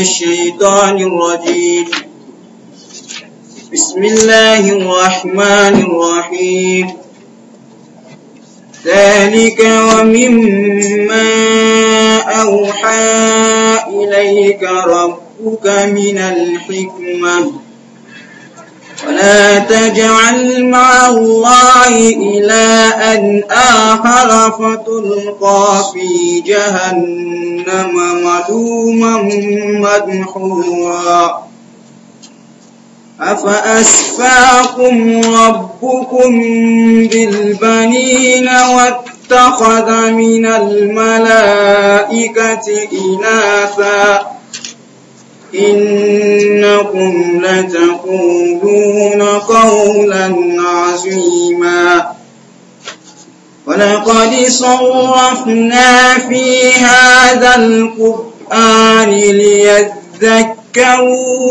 الشيطان الرجيم بسم الله الرحمن الرحيم ذلك ومما أوحى إليك ربك من الحكمة ولا تجعل مع الله إلى أن آخر فتلقى في جهنم ملوما مدحورا أفأسفاكم ربكم بالبنين واتخذ من الملائكة إناثا إنكم لتقولون قولا عظيما ولقد صرفنا في هذا القرآن ليذكروا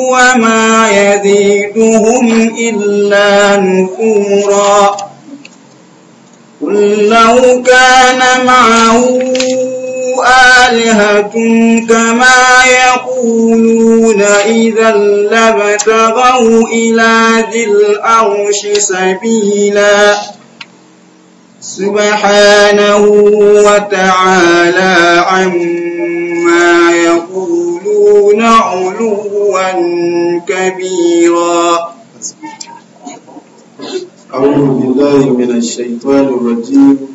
وما يزيدهم إلا نفورا قل لو كان معه آلهة كما يقولون إذا لابتغوا إلى ذي العرش سبيلا سبحانه وتعالى عما يقولون علوا كبيرا أعوذ بالله من الشيطان الرجيم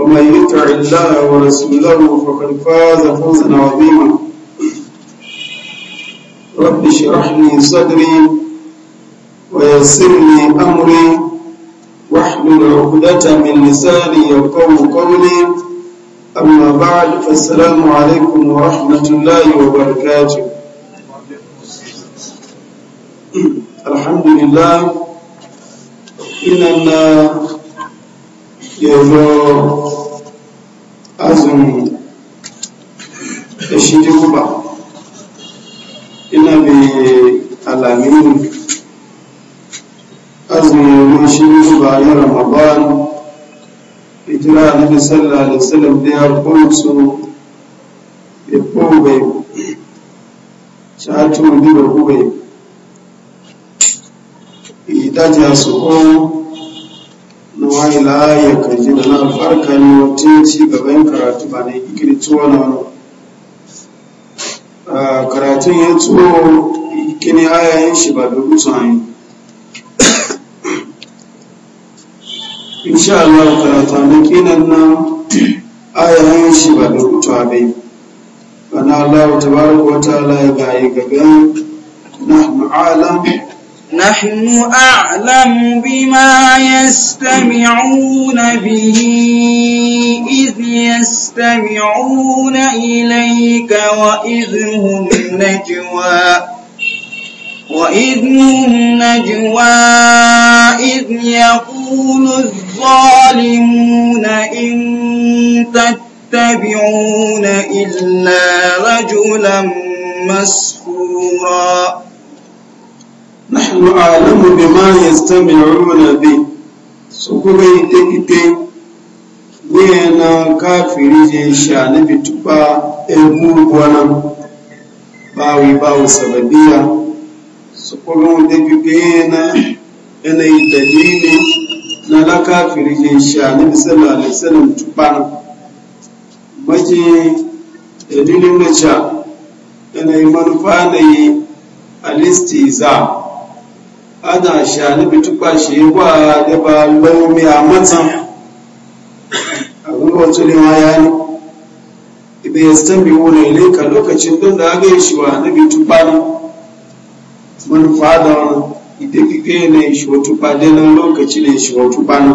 ومن يطع الله ورسوله فقد فاز فوزا عظيما رب اشرح لي صدري ويسر لي امري واحلل عقدة من لساني يقوم قولي اما بعد فالسلام عليكم ورحمة الله وبركاته الحمد لله إننا yanzu azumi da shi ji guba ina mai alamin azumi mun shi ji guba na ramadan hijira na sallallahu alaihi wasallam da ya kunsu ya kogai shatu bi ba kogai idaja su ko wallahi la ya kaji da na farka ne wata ci gaban karatu ba ne ikiri tuwa na wani ah, karatun ya tuwo ikini ayayen shi ba da rusa ne insha Allah karatu na kinan nan ayayen shi ba da rusa ne bana Allah ta baraka wata ala ya gaye gaban na alam نحن أعلم بما يستمعون به إذ يستمعون إليك وإذ هم نجوى وإذ هم نجوى إذ يقول الظالمون إن تتبعون إلا رجلا مسحورا nahnu a'lamu bima yastami'una bi su kuma ite-ite yana kafiri je sha na bituba ebu wannan bawi bawu sababiya su kuma wanda yana yana yi dalili na la kafiri je sha na dalilin manufa alistiza Ana ada shani bituba shi wa da ba lomi a matan abin wato ne ma yani idan ya san stambi wurin ka lokacin don da aka yi shi wa na bituba ne manufa da wani idan kike ne shi wa tuba ne nan lokaci ne shi wa tuba ne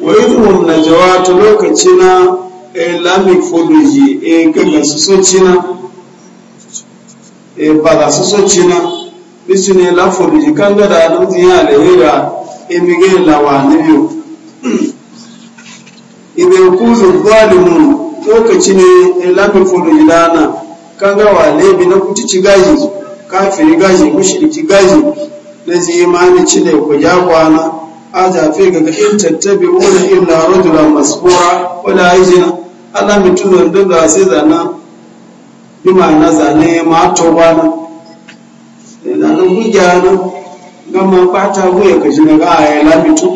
wa idhum najwa to lokaci na e lami fodoji e gaga su socina e bada su socina bisune la foliji da do ya le emige la wa nibiyo ibe kuzu zalimu lokaci ne lafi fulu ilana kanga wa lebi na kucici gaji kafiri gaji mushriki gaji na imani cile ku ja kwana a zafi ga in tattabi wani illa rajula masbura wala ajina Allah mutum da sai zana na zane ma to bana ìlànà gbígbàáná gama pátá wúyẹ kàṣínà ga ààyè lámìtú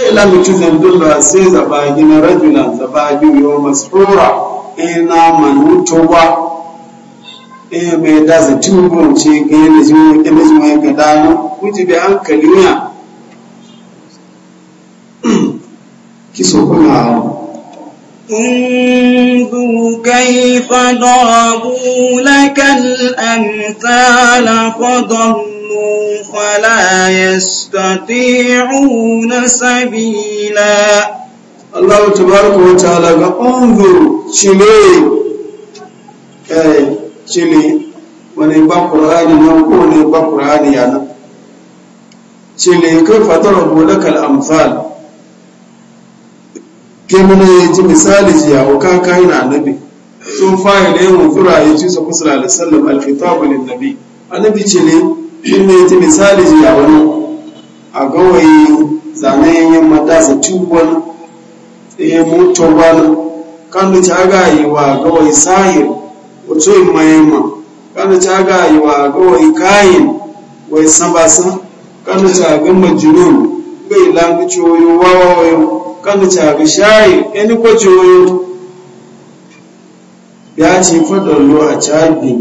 ẹ lámìtú zandúlọ sí zàbàájí na rajula zàbàájí yọ masfura ina eh, manu towa ina eh, mai da zati ce ga yana jiwo da jiwo ya ga dano kuji bi hankali ya kiso kuna hawa انظر كيف ضربوا لك الأمثال فضلوا فلا يستطيعون سبيلا الله تبارك وتعالى انظر شلي اي شلي wani ba ƙur'ani nan ko ne ba ƙur'ani ya nan ce ne kai fatar bulakal amsal ke mana ya ji na sun fara da yawan fura ya ci su kusa da sallam alkitabu lin nabi annabi ce ne shi ne ta misali ji a wani a gawayi zanayen yin matasa tuwon eh, ya mutu wani kan da ta gaye wa gawayi sahir wato yin mayamma kan da ta gaye wa gawayi kayin wai sabasa kan da ta ga majinun bai lambi ciwoyi wawawayo kan da ta ga shayi ɗani kwaciwoyi ya ce fadallo a cabi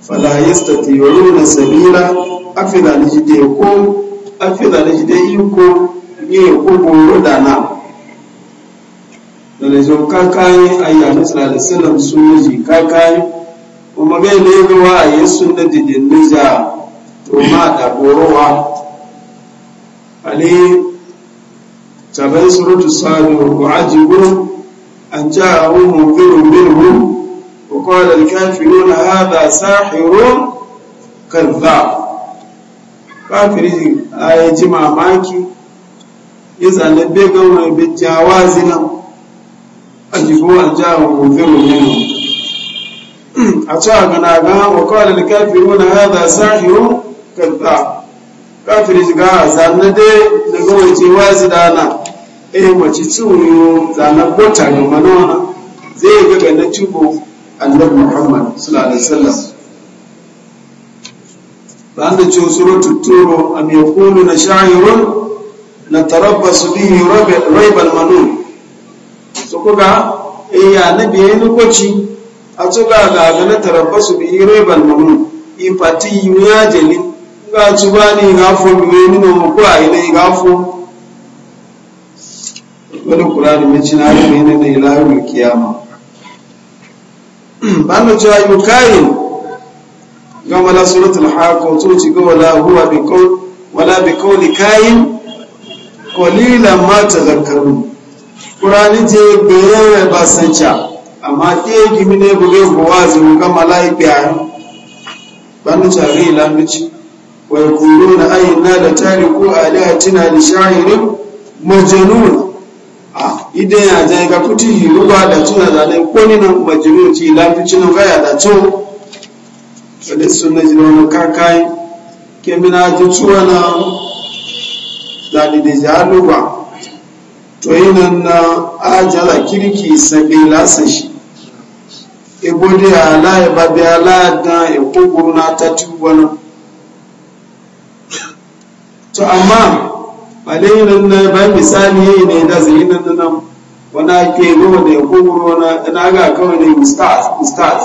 falayista tiyoyi na sabira afina na jide ko afina na jide iko ne ko goro da na da da zo kakayi ayya nasara da salam soji kakayi kuma gai ne ga wa yesu na didin nija to ma da borowa ali tabai suratu sadu wa ajibu an a munzirun minhum وقال الكافرون هذا ساحر كذاب kafiri a yi ji mamaki ya zane begon mai bijawa zinan a jifo aljihar gobe mulmino a cewa gana ga wakawar da kafiru na hada sahiru kanta kafiri shiga a zane dai na gawace wazi dana eh mace ciwo zane gota ga manona zai ga na cibo annabi muhammad sallallahu alaihi wasallam ba da ce suratul turo am na sha'irun natarabbasu bihi raibal manun so kuga iya eh, na biye ni koci? a tsuga ga ga na tarabbasu bihi raibal manun ifati ya jeli ga tsuba ni ga fo biye ni mu ku a ne ga fu wani qur'ani mai cina ne na ilahi kiyama bano cewa yi kayi gama la suratul haqqa to ci ga wala huwa bi ko wala bi li kayin qalilan ma tazakkaru qur'ani je bayan ba sanca amma ke gimi ne huwa zu ga malaika ya bano cewa ri lamici wa yaquluna ayna la tariku alatina li sha'irin majnun idan ya zai ga kuti hiruwa da tuna zane ko ni nan majiru ci lafici nan ya da to kada suna jira wani kakai ke mina ji tuwa na zani da jaluba to yi nan na ajala kirki sabi lasa shi ebo da ala ya babi ala da ekogoro na ta tuwa na to amma alayyar nan na bayan misali yayi ne da zai yi nan nan wana ke goma da ya kogoro wana na ga kawai da ustaz ustaz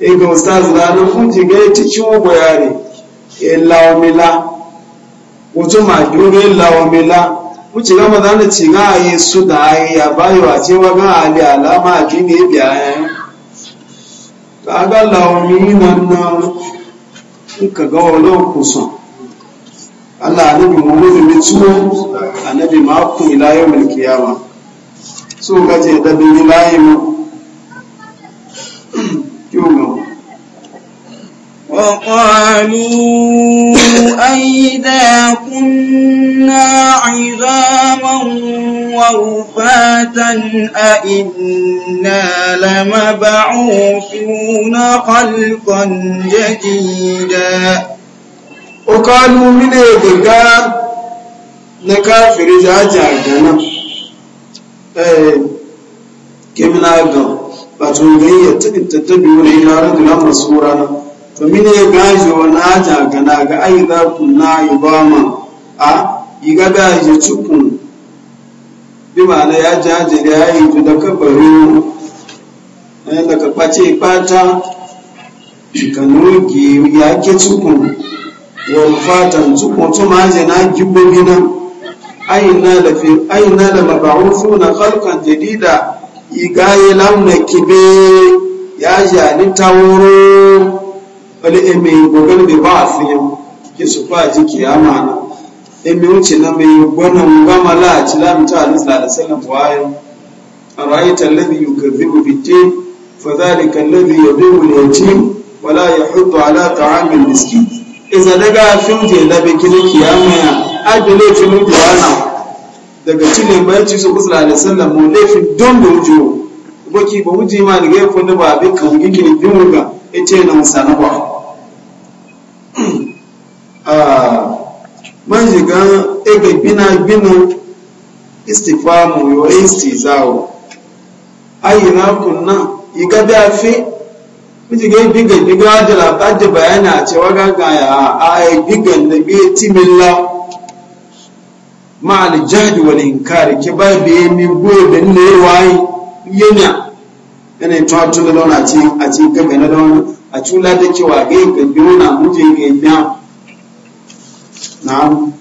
e ga ustaz da na kunji ga ya ci ciwo bayani e laomila wato ma gyobe laomila wuce gama da na ci ga yi su da ayi ya bayo a cewa ga ali alama a ne ya biya ya ta ga lawamila na ka ga wani kusan Allah annabi mu ne tuwo annabi ma ku ila yau mulkiyama so gaje da bin layi mu ina وقالوا أئذا كنا عظاما ورفاتا أئنا لمبعوثون خلقا جديدا وقالوا من يدقى نكافر جاجا جنب Eh, kemina gan wato gai ya tabi tattabi wani ya rajulan masu rana to mine gaji wani aja gana ga ai za ku na yi ba ma a yi ga gaji cikin bi ma ma'ana ya jaje da ya yi da kabari eh, da ka ɓace fata ka nuki ya ke cikin wani fatan cikin tuma aje na gibobi na aina da fi aina da mabarufu na kalkan jadida igaye lamna kibe ya jani taworo wani eme gogon da ba a fiye ki su fa ji kiyama na eme wuce na mai gwanan gama la ci lamta a nisa da sallan wayo a ra'ayta alladhi yukazzibu bid-din fa dhalika alladhi yadhibu al-yatim Wala ya yahuddu ala ta'am al-miskin idza daga fi je labe kiyama agile laifin mun jawana daga cikin bayanci su kusura da sallan mu laifin don da wujo baki ba wuji ma daga ya ba bai kan gike ne bin wuga ita na musana ba ah, man shiga ega bina bina istifamu yo istizawo ayyana kunna iga da fi mijige bigan diga da ta da bayani a cewa gagaya a bigan na biya timilla ma jahdi wal inkari ke ba be mi go be ne wai ene to a da lona ci a ci na don a tula da cewa ga ga dona muje ga nya na'am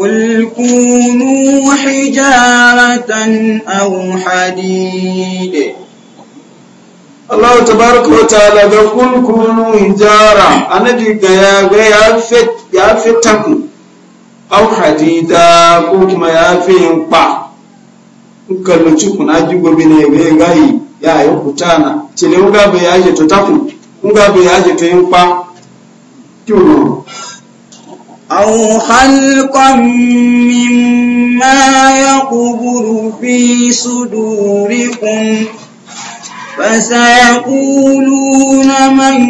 قل كونوا حجارة أو حديد Allah tabaraka wa ta'ala ga kun kunu hijara annabi ga ya ga ya fit ya aw hadida ko kuma ya fi yin kpa in kallo cikin aji gobe ne ga gayi ya yi kutana ce ne nga bai ya je to tafu nga bai ya je to yin kpa kyono أو خلقا مما يقبل في صدوركم فسيقولون من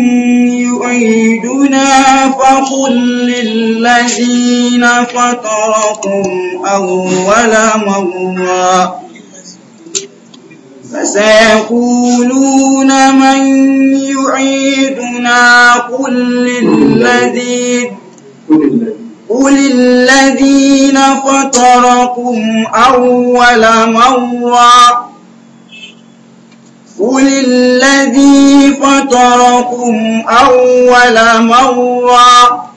يؤيدنا فقل للذين فطركم أول مرة فسيقولون من يعيدنا قل للذي قل الذين فطركم أول مرة قل الذي فطركم أول مرة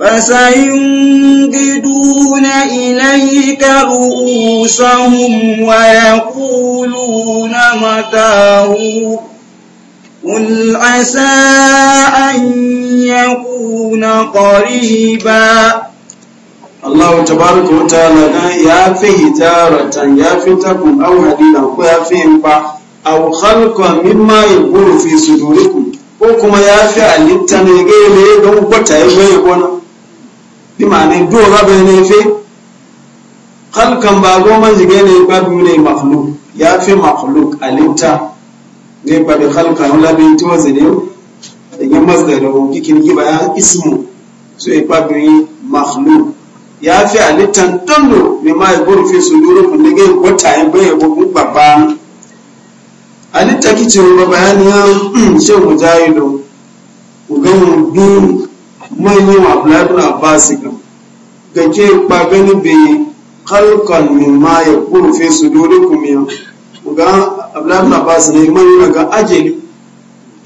فسينددون إليك رؤوسهم ويقولون متاه قل عسى أن يكون قريبا الله تبارك وتعالى يا فيه تارة يا فيه تكون أو هدينا يا فيه au khalqa mimma yaqulu fi sudurikum ko kuma ya fi alitta ne ga don kwata ya goye gona bi ne do ga bai ne fe khalqan ba goma jige ne ba du ne makhluq ya fi makhluq alitta ne ba da khalqan la bi to zane da yin masdar wuki kin ki bayan ismu so e ba bi makhluq ya fi alittan dondo mimma yaqulu fi sudurikum ne ga kwata ya goye gona babban Ali halitta kice ba bayanin hmm, shan mujahidu ugan bin manyan abdullahi abbas ga gake ba gani bai halkan min ma ya kurfe su dole kuma ya ga abdullahi abbas ne manyan ga ajali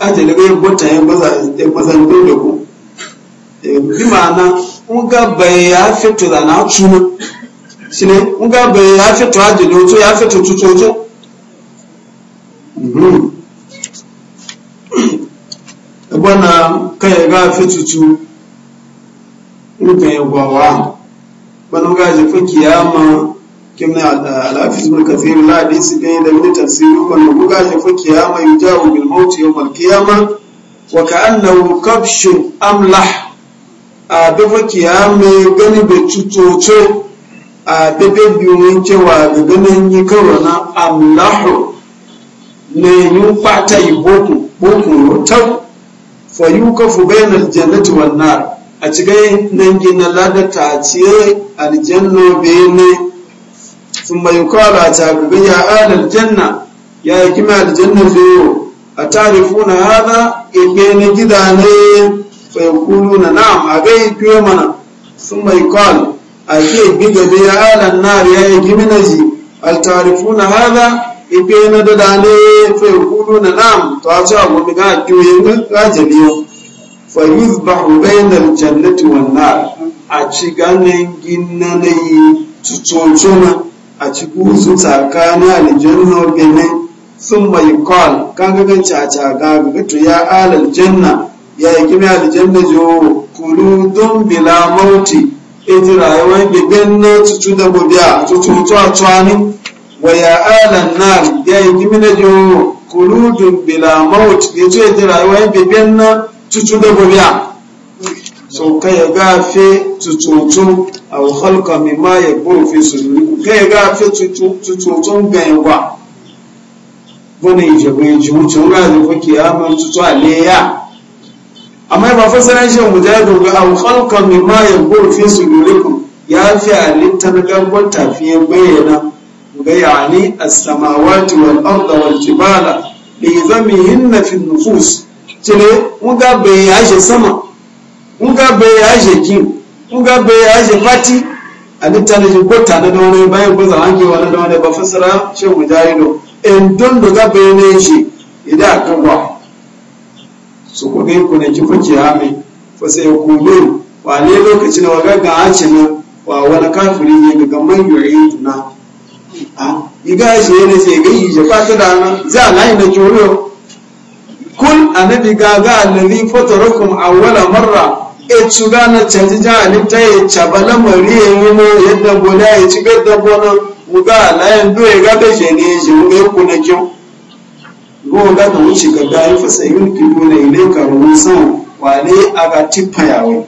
ajali bota yabota ya baza da ku eh, bi ma'ana nga bai ya fito da na tuna shi ne nga bai ya fito ajali wato ya fito tutu wato bwana kai ga fi cucu rukan yagwawa bana ga ji fi kiyama kimna alafis bin kathir ladi su bin da min tafsiru kan ga ji fi kiyama yujawu bil maut yawm ya qiyama wa ka ka'annahu kabshun amlah a da fi kiyama gani be cutoce a bebe biyun cewa ga ganin yi karo na amlahu ne yi fata yi boku boku rotar fayu kafu bainar jannati wan nar a cikin nan gina lada ta a ciye aljanno bene sun mai kwara ta gaga ya alar janna ya yi kima aljanna fiyo a tarifuna hada ebe na gida ne fayakulu na na'am a gai fiye mana sun mai kwara a ke gida ya alar nar ya yi gimi na ji al tarifuna hada ipe na dada ne fe kudu na nam to a cewa gobe ga juye ga jaliyo fa yuzbahu bainal jannati wan nar a ci ganin ginna ne tutsotsona a ci guzu tsakanin aljanna bene sun mai kwal. kan gagan caca ga gato ya alal janna ya yi kimi aljanna jo kulu don bila mauti ita rayuwa gegen na tutu da gobe a tutu a tuwa waya alan nan ya yi gimi na jiwo kuludun bila maut ne ce jira rayuwa yin bibiyar na tutu da gobiya so ka ya gafe tututu a halka mai ma ya burfi su ka ya gafe tututun ganyagwa bane ijabu ya ji wuce wura da kwaki ya man tutu a leya amma ba fasaran shi mujahidu ga a halka mai ma ya burfi su lurikun ya fi halittar gangon tafiyan bayyana ga Asamawa as-samawati wal arda wal jibala li zamihinna fi nufus cile muga yaje sama muga bai yaje ki muga bai yaje fati alitta ne ko tana da wani bayan ko zawange wani da wani ba fasara shin mujahido en don da ga bai ne shi idan ka gwa su ko ne ki fuke hami fa sai ku ne wane lokacin wa gaggan a ce wa wani kafiri ne daga man na iga shi yana ce ga yi je fata da nan za a yi na joriyo kun annabi ga ga allazi fatarakum awwala marra e cuga na canji jahalin ta yi cabala mari ya yi mo yadda bona ci gadda bona muga layan doye ga ga shi ne shi muga yanku na kyau ruwan ga ta wuce ga gari fasa yin kilo na ile karuwan sama wane a ga tippa yawo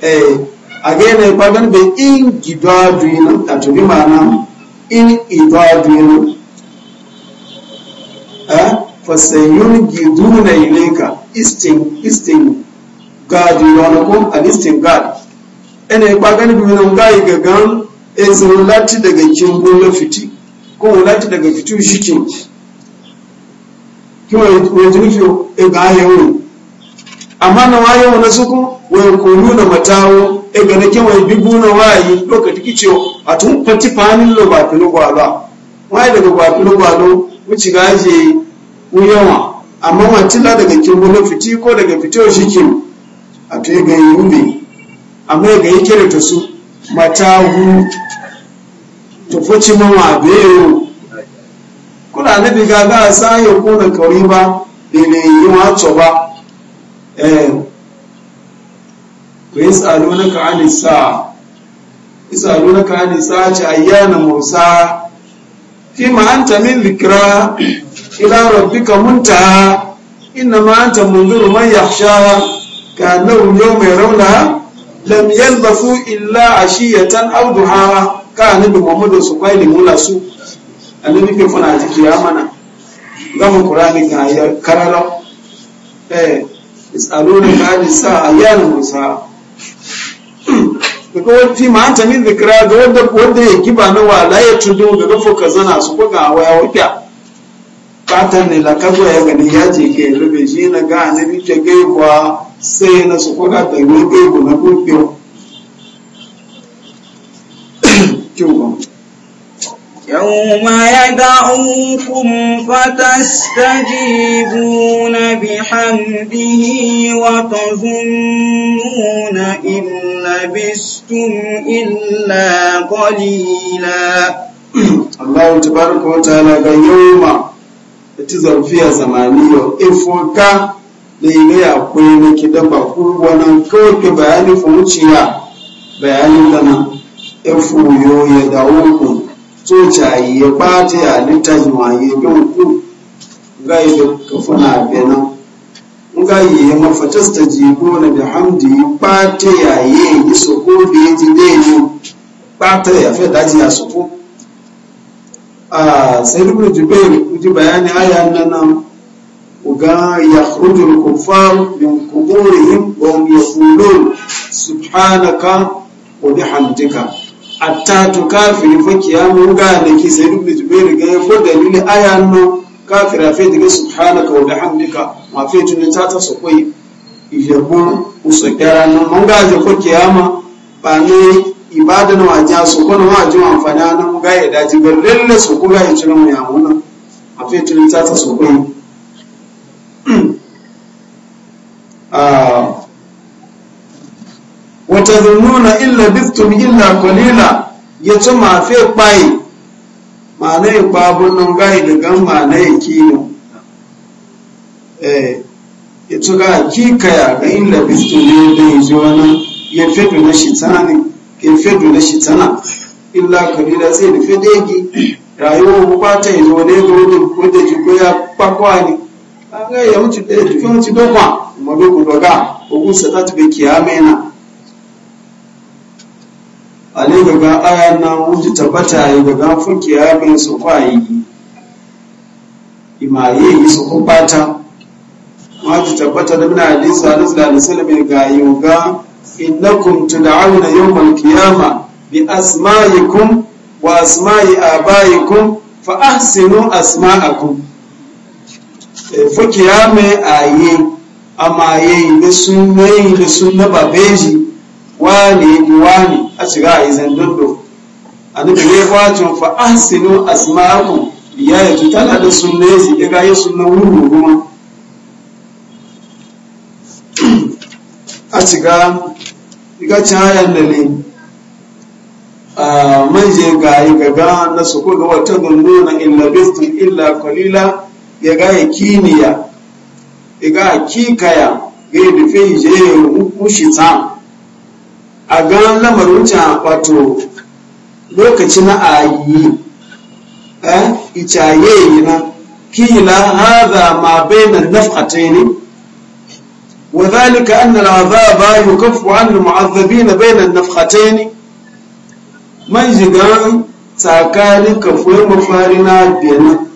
eh a ga yanayi kwanan bai in gidwa duniya a tuni ma'ana in idadin fasayun giduna ilaika istin gadi wani ko a istin gadi ina yi ɓagani bi wani gayi gagan ezin lati daga kin gona fiti ko lati daga fitu shikin kiwa yanzu nufi ga yawon amma na wayo na suku wai kulu da matawo ega na kewa bibu na wayi lokaci kice a tun fati fanin lo ba filo gwalo wayi daga ba filo gwalo wuci gaje uyawa amma daga kimbo na fiti ko daga fito shi kim a to ga yumi amma ga yake da to su mata hu to foci mawa beyo kula na diga ga sa ya kona kauri ba da ne yi wato ba eh, ku yi tsalo na ka'ani sa isalo na ka'ani sa ci ayyana musa fi ma'anta min zikira ila rabbika muntaha inna ma'anta munzuru man yakhsha ka annahu mai yarawna lam yalbasu illa ashiyatan aw duhaha ka annabi muhammadu su kwai limula su annabi ke funa jiki ya mana gama qur'ani eh, musa daga wata ma ta da kira ga wadda wadda ya giba na wala ya tudu daga fuka zana su kuka a waya wata fatan ne la kazo ya gani ya ce ke rube shi na ga annabi ta sai na su kuka ga na gaibu na gurbiyo يوم يدعوكم فتستجيبون بحمده وتظنون إن لبستم إلا قليلا الله تبارك وتعالى يوم تزر فيها زمانية إفوكا لإنه يقول لك دبا ونكوك بأني فمتشيا بأني لنا إفو يو يدعوكم tsoca ya ɓata ya lita shi waye gan ku ga yi da kafana benin ga yi ya mafatas ta jibo na da hamdi ya ɓata ya yi yi su ko da ya ji daidai ɓata ya fi daji ya su ko a sai rubu jibairu ji bayani aya na nan ga ya hujjar kufar min kuburihim wa yaqulun subhanaka wa bihamdika hatta to kafiri fa kiyamu ga da ki sai da jubair ga ya ko dalili aya no kafira fa daga subhanaka wa bihamdika ma fa tun ta ta so koi ijebu usakara no mun ga je ko kiyama ba ne ibada na waje su ko na wajen fada na mun ga ya daji ga lalle su ko ga ya tun mu ya mun ma fa tun ta ta so koi ah tazununa illa biftum illa qalila yace ma fe pai ma ne babun nan gai da ma ne kiyo eh yace ga kika ya ga illa biftum ne da yace ya fedu na shitani ke fedu na shitana illa qalila sai da fedegi rayuwar ku kwata yanzu wani ya gudu wanda ki ya ta na ale gaga aya na wuce tabbata ya gaga fuke ya bin su kwayi imaye yi su kubata ma ji tabbata da muna na hadisi da alisalami ga yoga innakum tud'auna yawmal qiyama bi asma'ikum wa asma'i abaikum fa ahsinu asma'akum e, fuke ya mai aye amaye da sunne da sunna babeji wani yake wani a shiga a yi zandondo a ya ne bacin fa a asma'akum ya yi na da sunne su ya gaye sunan wuru kuma a shiga iga cayan da ne a manje yi gaga na su ko wata gundu na illa bistin illa kalila ya gaye kiniya ya gaya kikaya ga yi da fe je ya rukushi tsamu a ga lamarin wuce wato lokaci na ayi eh icaye yana kila hada ma bayna naf'atayn wa dhalika a al'adhaba yukaffu 'an almu'adhdhabin bayna an-nafkhatayn man jigan tsakanin kafuwar mafarina biyanan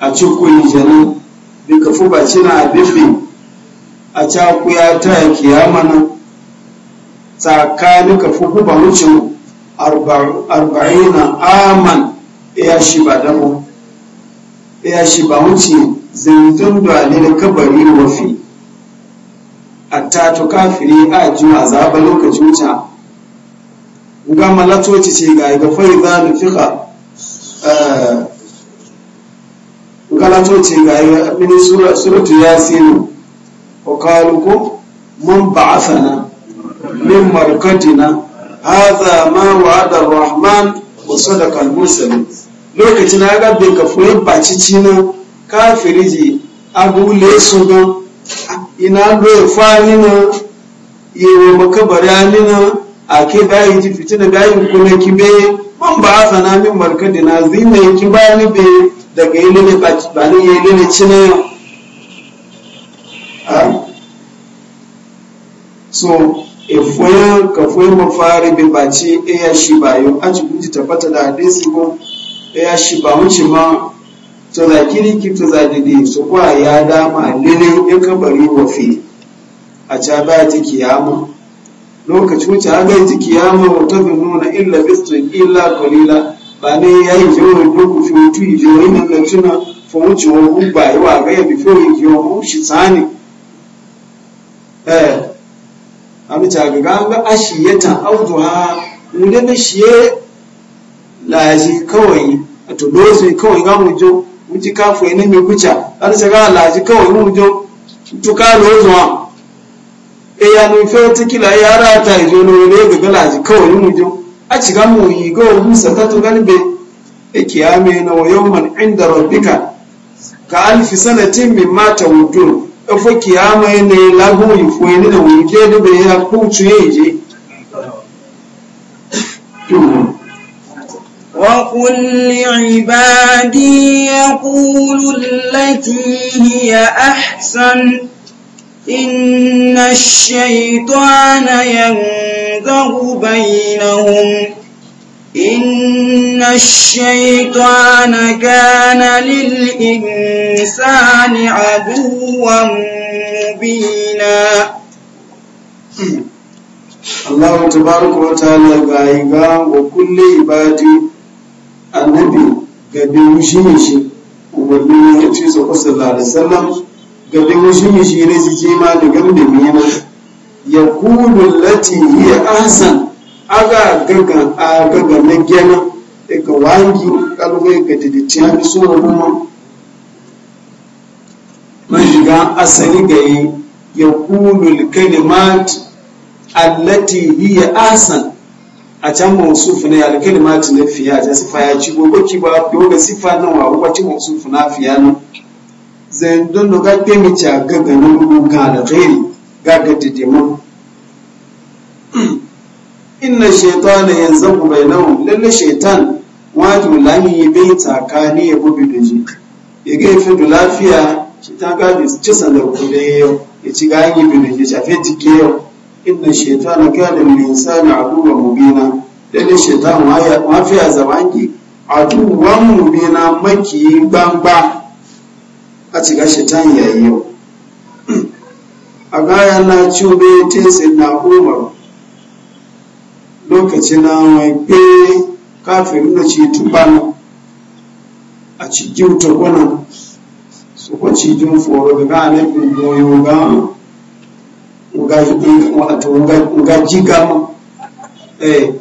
a cikin janan da kafu ba cina a a cakuya ta kiyama nan tsakanika fuku ba wucin arba'ina aman ya shi ba damo Iyashi ba wuce zintun dole da kabari wafi a tatu kafiri a juma zaba lokacin wuta ga malatoci ce ga ga fai za ni fika eh, galatoci ga yi mini suratu yasinu ko kaluku mun ba'asana min markadina hadha ma wa'ada ar-rahman wa sadaqa al-mursalun lokacin na ga bin kafuyi bacici na kafiri ji abule su ga ina doye fani na yewo makabari amina a ke bayi ji fitina bayi kuna kibe man ba asa na min markadina zina ki bani be daga ilini bani ilini cinayo ah. so ifoyan ka foyi mafari bi baci eya shi ba yo aji kunji tabbata da hadisi ko eya shi ba wuce ma to za kiriki to za dide so kwa ya dama lele ya kabari wa fi a ca ba ta kiyama lokacin wuce haka yi kiyama wata bin nuna illa bistu illa kalila ba ne ya yi jiwo duku fi otu ijo ina na tuna fa wuce wa gugba yi wa ga ya yi fi oyi jiwo shi tsani eh abu ta ga a ga ashiyata awduha inda na shiye laji kawai to dozu kawai ga mu jo mu ji kafu ne mi kucha alu ta ga laji kawai mu jo to ka wa e eh, ya ni fe tikila ya ra ta jo no ne ga laji kawai mu jo a ci ga mu yi go mu sakatu galbe e kiyame na wa yawman inda rabbika ka alfi sanatin mimma tawdun efo kiyama ene lagun ifo ene na wuyi ke ebe ya kutu eje وقل لعبادي يقولوا التي هي أحسن إن الشيطان ينزغ بينهم إن الشيطان كان للإنسان عدوا مبينا الله تبارك وتعالى بايغا وكل عبادي النبي gabe wushin shi umarni ya ce su kwasa larisallam gabe wushin shi ne jike ma da miyana lati hiya aga gaga a gaga na gena daga wangi kalwe ga diditiyan suna kuma mashiga asali ga yi ya kulu kalimat allati hiya asan a can mausufu ne alkalimat na fiya ta sifa ya ci gogo ki ba biyo ga sifa nan wa ko ci mausufu na fiya nan zan don da ga kemi a gaga na gugu ga da gairi ga ga didimon inna shaitana yanzabu bainahum lalle shaitan waju lami yabe tsakani ya gudu da ji ya ga yafi da lafiya shaitan ga bi ci sanda ku da yau ya ci ga yi bi da ji shafe jike yau inna shaitana kana lil insani aduwwa mubina lalle shaitan ma fiya zamanki aduwwa mubina maki gbangba a ci ga shaitan yayi yau a gaya na ciwo cube tinsin na umar lokaci na mai pe kafin na ci tubana a cikin tukuna su kwaci jin foro daga alaƙin goyo ga jiga ma eh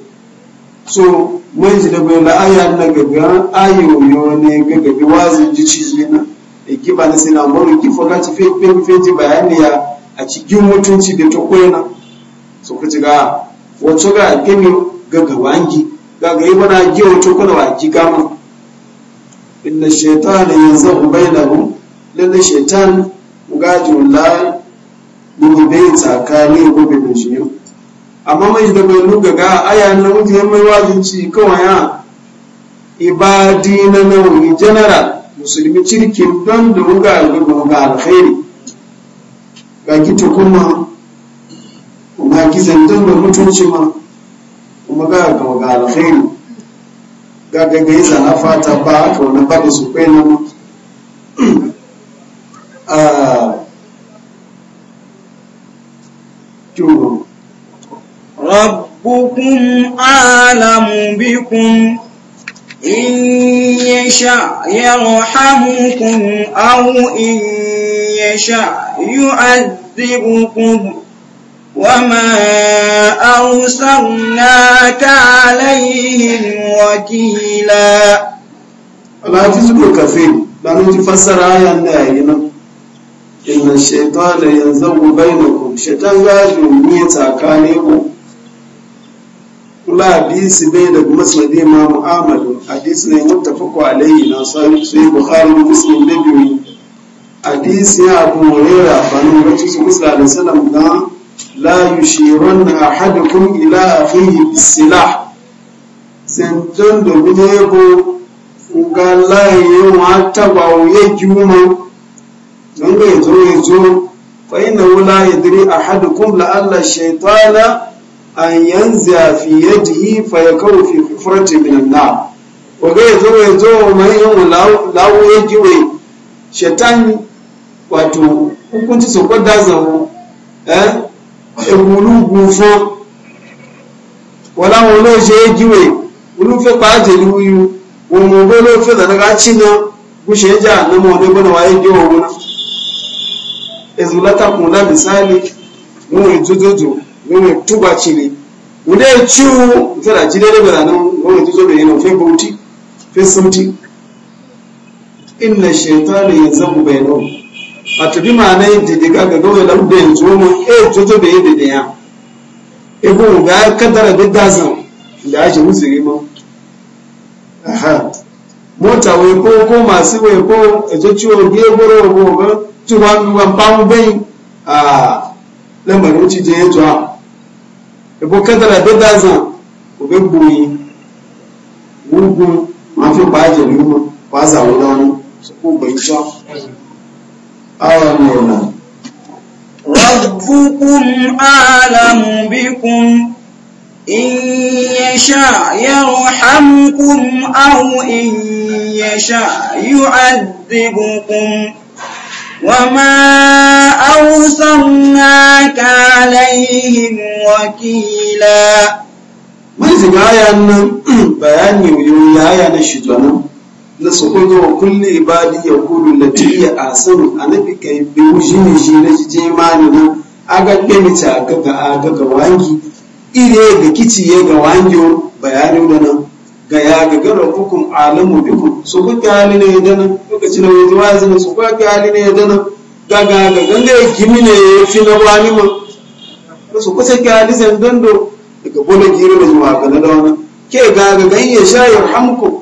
so mai ji da bai la aya na gaga ayo yo ne gaga bi wazi ji ci na e kiba na sai na mun ki foga ci fe fe ji bayani ya a cikin mutunci da to koyana so ku ji ga wato ga gemi gabangi Ga ga yi bana ji wato kuna ji gama Inda shaitan da mu, lalle shaitan gajin la gugu bai tsakani gobe da shi amma mai da bai luga ga aya na mutu yan mai wajen ci kawai ya ibadi na nauyi janara musulmi cirkin don da muga ga alkhairi ga gita kuma na gizan don da ma kuma ga ga alkhairi ga ga ga isa na fata ba aka wani ba su kai na ma a kyoro rabbukum alamu bikum إن يشاء يرحمكم أو إن يشاء يعذبكم وما أرسلناك عليهم وكيلا ولا تسكو كفيل لأنه تفسر آية دائما إن الشيطان ينزو بينكم شيطان غاجو نيتا أكاليكم kula hadisi bai daga masnadi imamu ahmad hadisi ne muttafaqu alayhi na sahih bukhari muslim da biyu hadisi ya abu hurairah banu rasul sallallahu alaihi wasallam da la yushirun ahadukum ila akhihi bisilah zenton do bidego nga laye wa taba uye juma nanga yazo yazo fa inna la yadri ahadukum la alla shaytana an yanza fi yadihi fa yakau fi khufrati min an-nar wa ga yazo yazo mai yan lawo ya jiwe shaitan wato hukunci su kwada zawo eh egulu gufo wala wọn náà ṣe é jíwè olúfẹ́ pàájẹ̀ ní wíwú ohun ọgbọ́n ló fẹ́ tànáká china bó ṣe é jà lọ́mọ ọdún gbọ́nà wáyé jẹ́ òun náà ẹ̀sùn látàkùn lábì sáàlì níwọ̀n ìtútútù níwọ̀n ìtúbàchìlì wọ́n dẹ́ tíú ìfẹ́lá jílẹ̀ lẹ́bẹ̀rẹ̀ náà wọ́n ìtútútù yẹn náà fẹ́ bọ́ọ̀tì fẹ́ sọ́ọ̀tì ìnà ṣètọ́ a tafi ma'ana didi ka ga gawa da da yin tsoma e eh, jojo da yadda eh, da ya ego ga kadara da dazan da ake wuzuri ma aha mota wai ko ko masu wai ko ejo eh, ciwo biye goro ko ga tuwa nuwan pamu bai a ah, lambar wuce je ya tuwa ebo kadara da dazan ko ga gboyi gugu ma fi ba ajiyar ba za wani wani su ko bai tuwa أعلم ربكم أعلم بكم إن يشاء يرحمكم أو إن يشاء يعذبكم وما أرسلناك عليهم وكيلا من زمان بيان يويا يا نشيطنا na sokoto wa kulli ibadi ya kudu da tiya a sanu a nafi kai biyu shi ne shi na shi jimani na aga ɗemice a gaga aka ga wangi ire ga kici ya ga wangi bayani da nan ga ya ga gara hukum alamu bikum so ku kyali ne da nan lokaci na wajen wazi na so ku kyali ne da nan ga ga ga ganga ya kimi ne ya fi na wani ma su ku sai kyali zan dando daga bola giri da zuwa ga na da wani ke ga ga ganye shayar ya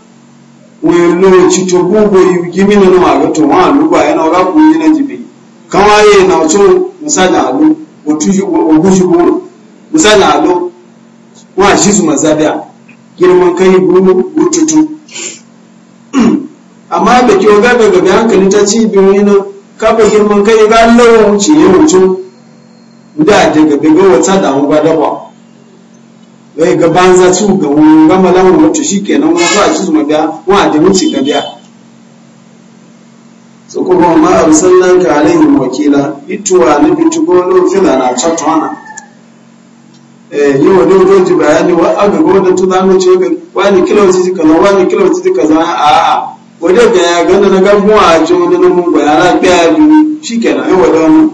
wọn lo chito gbogbo yugi mini no ma gato wọn alugbo ayi na ọga kun kan na ọtún musaja alo ogunju buru musaja alo wọn a shizu mazabia girman kai buru gututu amma da ke oga daga hankali ta ci bi wani na kafa girman kai ga lawan wuce Ndị wuce da daga daga wata wai eh, ga banza ci ga wani ga malamun wato shi kenan wani ba ci zuma biya wa da mutu ga biya so kuma ma arsalnan ka alaihim wakila ituwa na bitugo na fila na chatwana eh yi wa dogo ji bayani wa aga go da tu zamu ce ga wani kilo ci kaza wani kilo ci kaza a a wajen da ya ganda na gabu a ce wani na mun bayana biya biyu shi kenan ai wadan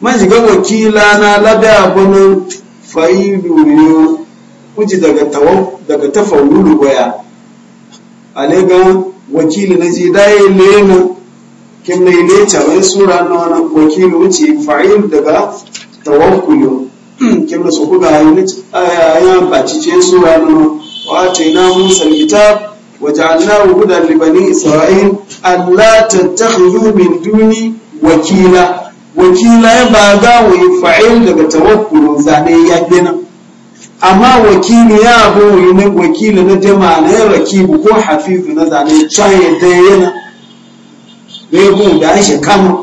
man shiga wakila na labe abonin fa'ilu ne kuji daga tawaw daga tafawulu waya alega wakili na ji daye lena kin ne ne tawai sura na wannan wakili wuce fa'il daga tawakkulu kin da su kuga ayi ayayya baci ce sura na Wata ina musa kitab waje waja'alnahu hudan li bani isra'il Allah ta min duni wakila wakila ya ba za wa yi fa'il daga tawakkulu zane ya gina amma wakili ya bu yi na wakili na jama na ya rakibu ko hafizu na zane can ya dayyana da ya bu da aisha kama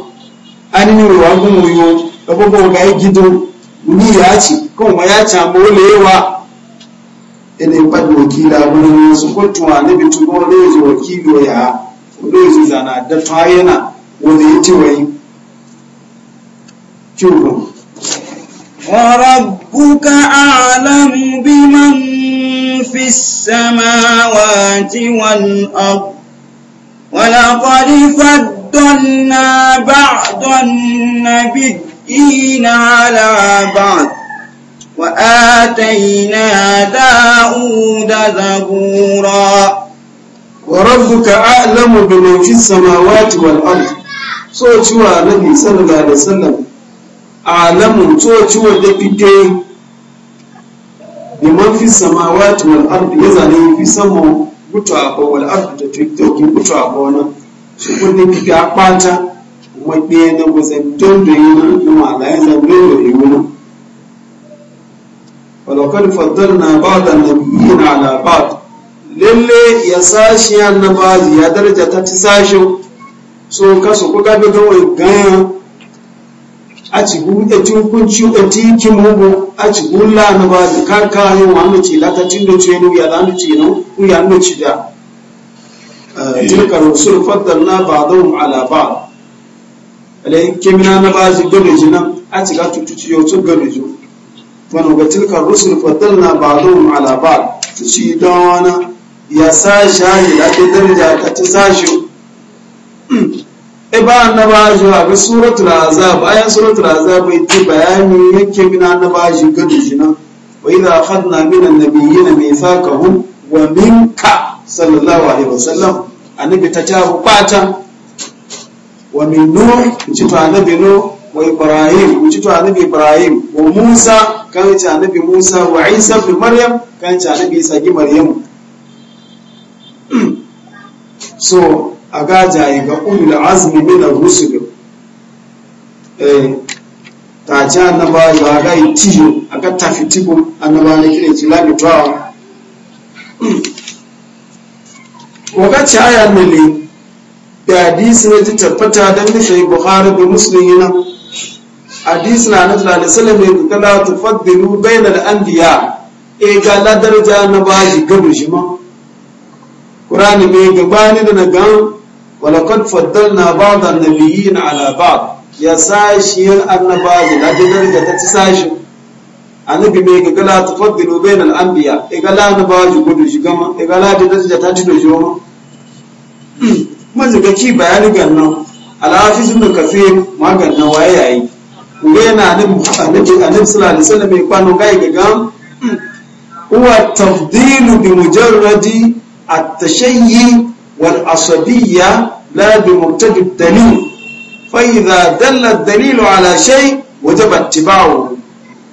an yi wa gun wuyo da ga ya gido ni ya ci kuma ya ci amma wale yawa ina yi bada wakila wani su kuntuwa na bitu ko wani wakili ya wani zana da ta yana wani ya ci wani شوفوا وربك أعلم بمن في السماوات والأرض ولقد فضلنا بعض النبيين على بعض وآتينا داود زبورا وربك أعلم بمن في السماوات والأرض شوى النبي صلى الله عليه وسلم alamun ciwon wanda fite liman fi samawati wal ardi ya zane fi sama mutu a wal ardi da tiktok mutu a wani su kunne fite a kwata wadda na don da yi na kuma alayin zambe da yi wani walakar faddar na ba da nabiyin ala ba lalle ya sashi annabazi ya daraja ta ci sashin so kasu kuka bi kawai ganyen a cigu da tukunci eh, a tiki mugu a cigu lana ba da kaka yin wani ci latacin da ce nu ya lanu ci ku ya nu ci da tilka rusul faddalna ba'dahum ala ba'd alai kimina na ba su gane ji nan a ciga tutuci yau su gane ji wani ga tilka rusul faddalna ba'dahum ala ba'd su ci don wani ya sa shahi da ke daraja ta ci sashi Eh, ba annabaji a ga suratul azab ayan suratul azab ita bayani yake min annabaji gadu jinan wa idha akhadna min annabiyina mithaqahum wa minka sallallahu alaihi wasallam annabi ta ta bata wa min nuh ci annabi nuh wa ibrahim ci to annabi ibrahim wa musa kan ci annabi musa wa isa ibn maryam kan ci annabi isa ibn maryam so a gajaye ga ulul azmi min ar-rusul eh ta ci annaba ba ga itiyo aka tafi tibo annaba ne kire ci Wa tawa wakati aya le da hadisi ne ta tabbata dan ne sai bukhari da muslim yana hadisi na annabi sallallahu alaihi wasallam ya kada bayna al anbiya e ga la daraja na ba ji gabu shi ma qur'ani ne gabani da na gan walakad faddalna ba'da nabiyyin ala ba'd ya sashiyan annabawa da dinar da ta ci sashi annabi mai ga gala tafaddalu bainal anbiya e gala annabawa ji gudu shi gama e gala dinar ta ci da shi gama mazuga ki bayani gannan alhafiz ibn kafir magannan waye yayi kuma yana annabi annabi sallallahu alaihi wasallam mai kwano gai ga gam huwa tafdilu bi mujarradi at-tashayyi والعصبية لا بمقتضى الدليل فإذا دل الدليل على شيء وجب اتباعه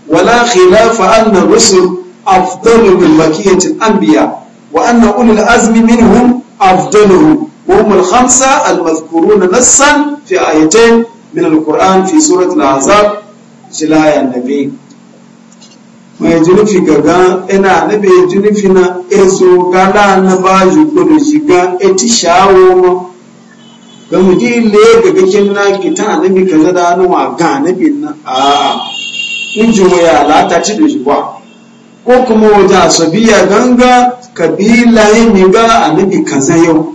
ولا خلاف أن الرسل أفضل من بقية الأنبياء وأن أولي العزم منهم أفضلهم وهم الخمسة المذكورون نصا في آيتين من القرآن في سورة الأعزاب سلايا النبي mai jirfi gaga ina na bai jirfi na eso gala na ba juko da shiga eti shawo ma ga muji le ga gakin na kita annabi kaza da hannu ma ga annabi na a in ji waya lata ci da shiga ko kuma wata sabiya ganga kabila yin mi ga annabi kaza yau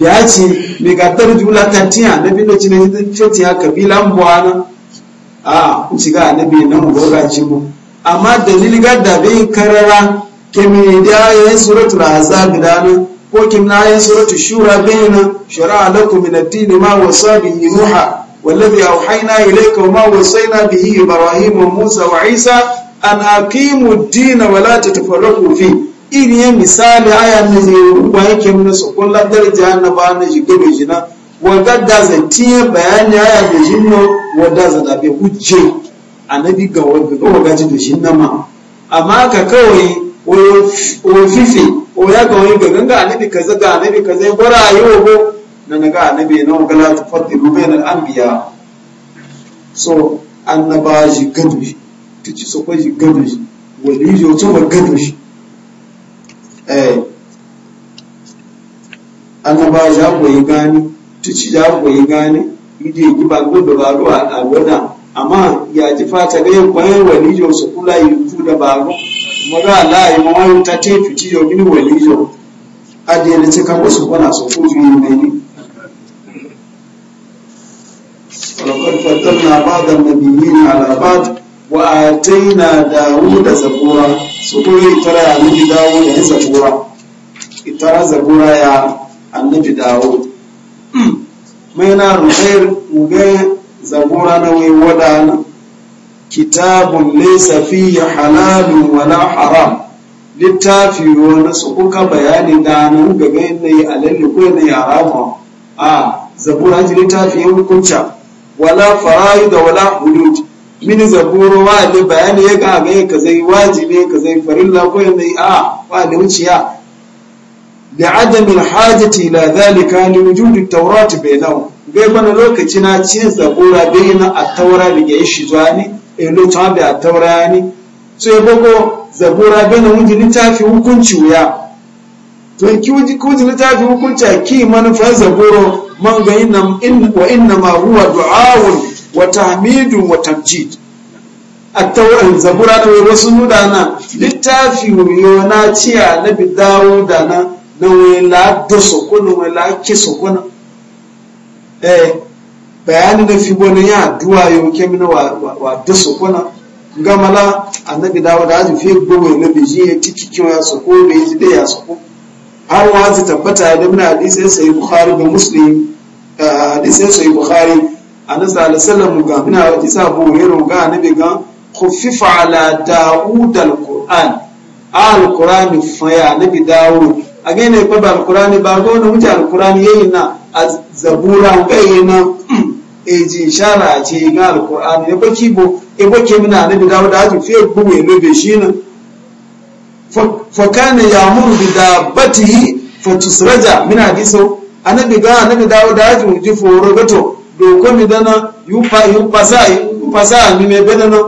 ya ce mai ga tarjula ta tiya annabi da cinin fetin ya kabila mbuwa na a cika na biyu na ugboga cikin amma da zirgar da bai karara kemi da yi suratu na hasa gidanu ko kim na yi suratu shura biyu na shura a lokacin ma wasu abu yi muha wallabi a haina yi laikau ma wasu yana biyu yi bara yi ma musa wa isa an haƙi mu dina walata ta faru kofi iri misali ayyar na zai yi rubuwa yake lantarki hannu ba na shiga mai shi waga da zantiye bayani aya da jinno wada zada bai hujje annabi ga waga waga ji da jinna ma amma ka kawai o fifi o ya ga wani gagan ga annabi kaza ga annabi kaza ya gwara yi wa go na naga annabi na waga la tufaddilu bainal anbiya so annaba ji gado shi ci so ko ji gadu shi wali ji wato wa gado shi eh annaba ji akwai gani tuci da goyi gane ide ki ba ko dabaru a wana amma ya ji fata ga yin bayan walijo su kula yi tu dabaru da Allah ya mawayin ta te tuci yo gini walijo a da yana cika wasu kwana su ko yi mai ne ولقد فضلنا بعض النبيين على بعض وآتينا داود ya nufi dawo, da داود زبورا ترى زبورا ya النبي dawo. maina rubair muge zabura na wai wadana kitabun laysa fihi halalun wala haram littafi wani su kuka bayani da nan gaga na yi alalli ko na yi harama a zabura ji littafi yin hukunca wala farayi da wala hudud mini zaburo wa ne bayani ya ga ga ka zai wajibi ka zai farilla ko na yi a wa ne wuciya لعدم الحاجة إلى ذلك لوجود التوراة بينهم gaiba na lokaci na cin tsakura na attaura daga ya shi zuwa ne a lokacin abu attaura ne zabura bai na wuji hukunci wuya to ki wuji kuji hukunci a ki manufar zaburo man ga wa inna ma huwa du'awun wa tahmidun wa tamjid attauran zabura wasu nuna na littafi wuyo na ciya na da na na la do soko na la ke soko na eh bayani na fi wani ya duwa yau kemi na wado soko na gamala annabi dawo da fi gbogbo ya nabi ji ya tiki kiwa ya soko mai ji da ya soko har wa ta tabbata da muna hadisai sai bukhari da muslim eh, hadisai sai bukhari annabi sallallahu alaihi wasallam ga muna hadisi abu hurairah ga annabi ga khuffifa ala daud kur'an alquran fa ya nabi dawo a gane ba ba alkurani ba ga wani wuce alkurani yayi na a zabura ga yi na eji e ji shara a ce ga alkurani ya baki bo e baki e mina na bi dawo da aji fiye gugu ya e lobe shi na Fakana ya muru bi da batihi fatusraja mina adiso? anabi ga anabi dawo da aji ji foro gato doko mi dana yupa yupa sa yupa sa mi me bedana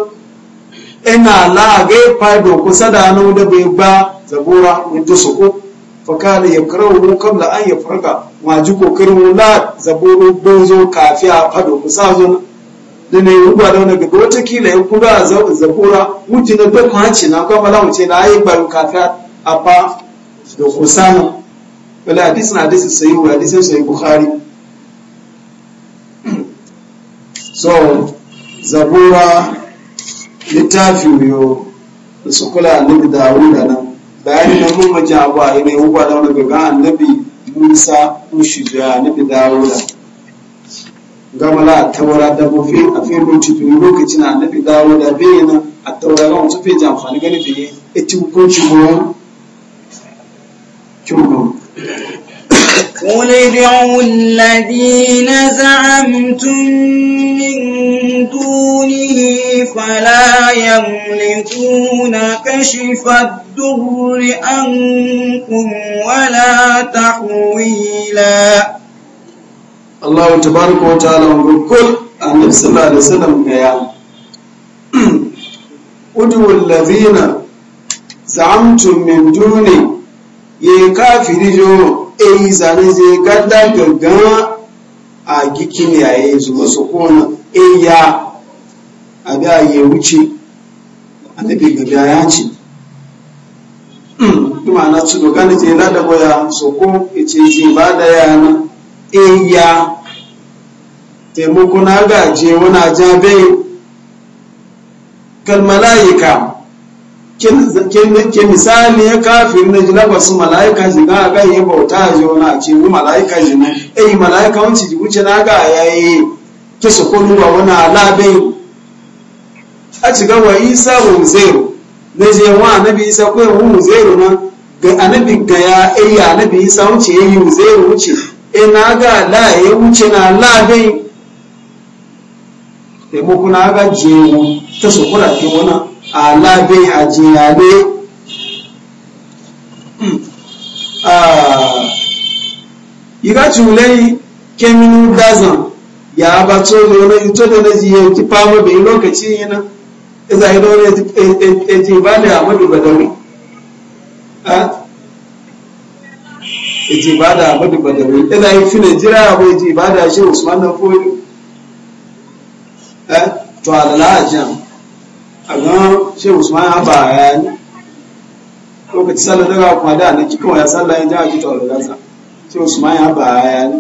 ina la ga pa doko sada na da bai ba zabura mutu ko. fakali ya karawo kabla an ya farka ma ji kokarin na zaboro bozo kafi a fado musa zo da ne ruba da wani gaba wata kila ya kura zabora mutu na dokon hanci na kwa mala wuce na ayi baro kafi a fa da kusana wala hadis na hadis sai wa hadis sai bukhari so zabora littafi yo da su kula annabi dawuda nan bayanin da mun majin abu a yanayi hukwa da wani gaga annabi musa mushi da annabi dawuda gamala a tawara da mafi a fi rubuci tuni lokacin annabi dawuda bayyana a tawara ga wasu feji amfani gani da ya ci hukunci ko kyau قل ادعوا الذين زعمتم من دونه فلا يملكون كشف الدهر أنكم ولا تحويلا الله تبارك وتعالى وكل أن صلى الله عليه وسلم قال ادعوا الذين زعمتم من دوني يكافر جو اي زانزي قد غغان اجيكي يا يسوع سكونا اي يا abi a yi wuce annabi gaba mana tsudo gani ce da boya so ko ice ce ce ba da yana iya e taimako na gaje wani ajabe mala'ika ke misali ya kafin na ba su mala'ika ji a ga yi bauta ji wani a yi mala'ika ji na yi mala'ika wancan ji wuce na ga ya yi ki su kunu ba wani alabe a ci wa isa wa zero na je wa bi isa ko wa zero na da annabi gaya ya eh, ayi annabi isa wuce ya eh, yi zai wuce ina eh, ga la ya wuce na la bai da mu kuna ga jewu ta su kula ke wani a la bai a jiyale yi hmm. ah. ga culai keminu dazan ya ba to da wani ito da ji ya ki fama bai lokaci yana iza ido ne ya ji ba da ya madu badawi ah. eji ba da badawi ina yi fi nigeria abu ba ibada shi usman na foyi eh to alala ajan agan shi usman ha ba ya ni lokaci sallah daga kuma da ne kika waya sallah ya jaji to alala sa shi usman ha ba ya ni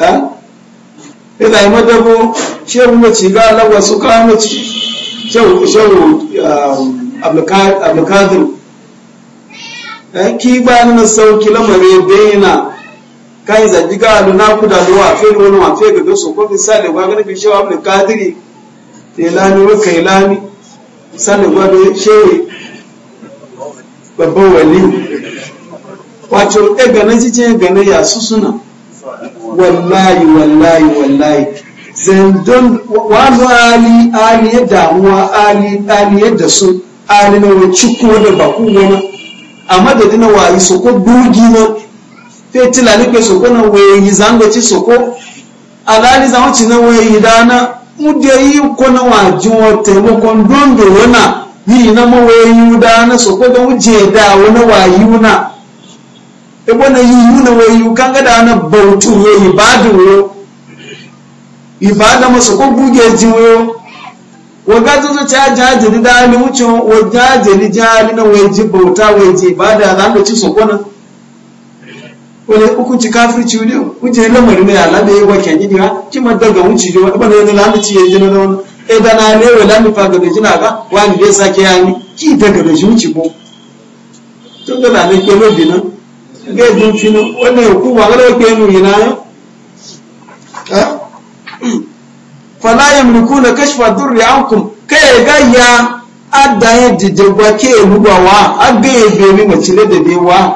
eh ina yi madabo shi mu ci ga lawa su ka mu ci shi shi um, abdulkadir Eh, ki ba na sauki lamare bayina kai za ga da na ku da ruwa fe ruwa na fe ga so ko fi sale ba ga bi shawa abdul kadiri te lani wa kai lani sale ba do shewe babban wali wato e ga nan cikin ga nan ya susuna wallahi wallahi wallahi don wa ali ali ya damuwa ali ali ya da su ali na wani ciko da baku wani a da dina wayi soko burgi na fe tilani soko na weyi zango soko alali zango na weyi dana mude yi ko na waji wo taimako dondo wana yi na dana soko don wuje da wani wayi wuna e bona yi yuna weyi kanga da na bautu ibada masoko waga zuzu ta jajiri da hali wucin wa jajiri jihali na waje bauta waje ji ibada za mu ci sokona wani hukunci kafirci ne wuce lamari ne ala da yawa kyan yi kima daga wuci ne wani bane yana lamu ci yaji na wani e da na ne wala mu faga da jina ga wani bai sake ya ni ki daga da shi wuci ko da na ke ga dun hukuma ga da fala yamlikuna kashfa durri ankum kai ga ya adaye didegwa ke lugwa wa aga ebe mi macile da bewa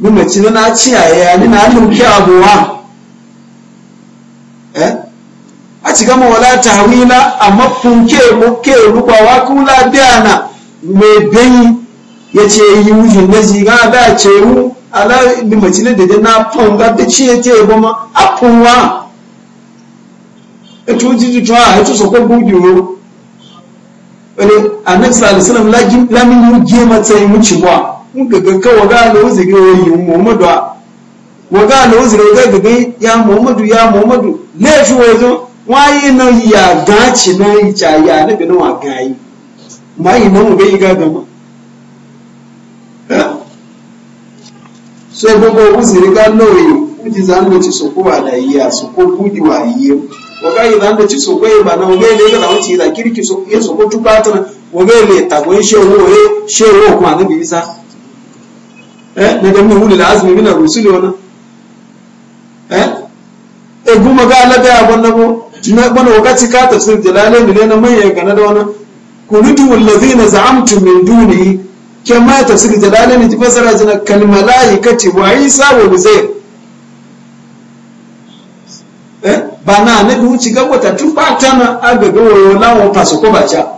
mi macile na ciyaye ya ni na hannun ke abuwa eh a ci gama wala ta amma kun ke ke lugwa wa kula biana me bayi yace yi wujin na ziga da ce ala mi macile da na fon ga da ciye ke goma afuwa ètò jíjí tó a ètò sọ̀kọ́ gbòógì o wani annabi sallallahu alaihi wasallam lamin yu ba ga yi muhammadu ga ya muhammadu ya muhammadu na ya na yi bi na wa ma yi mu ga yi gagama so gbogbo uzuri ga nawa yi kuji zanen ci sokowa da yi a sokon budi wa yi chiso kiri na wakayilanda chisokweyimana ungeeleka nawo chilakili yesokotupatana wangeeleta kwenshewoye shewo kwana mbibisa eh, nagamne uli lazima mina rusuli ona eh, eguma galabe abonabo bana wakati kata ka tafsir jalalain na manya ya kanada wana kunutu alladhina za'amtum min dunihi kama tafsir ni jifasara jina kalmalaikati wa isa wa uzair Eh? ba na anabi wuce gabata tun ba ta na agaga wayo lawon fasu ko baca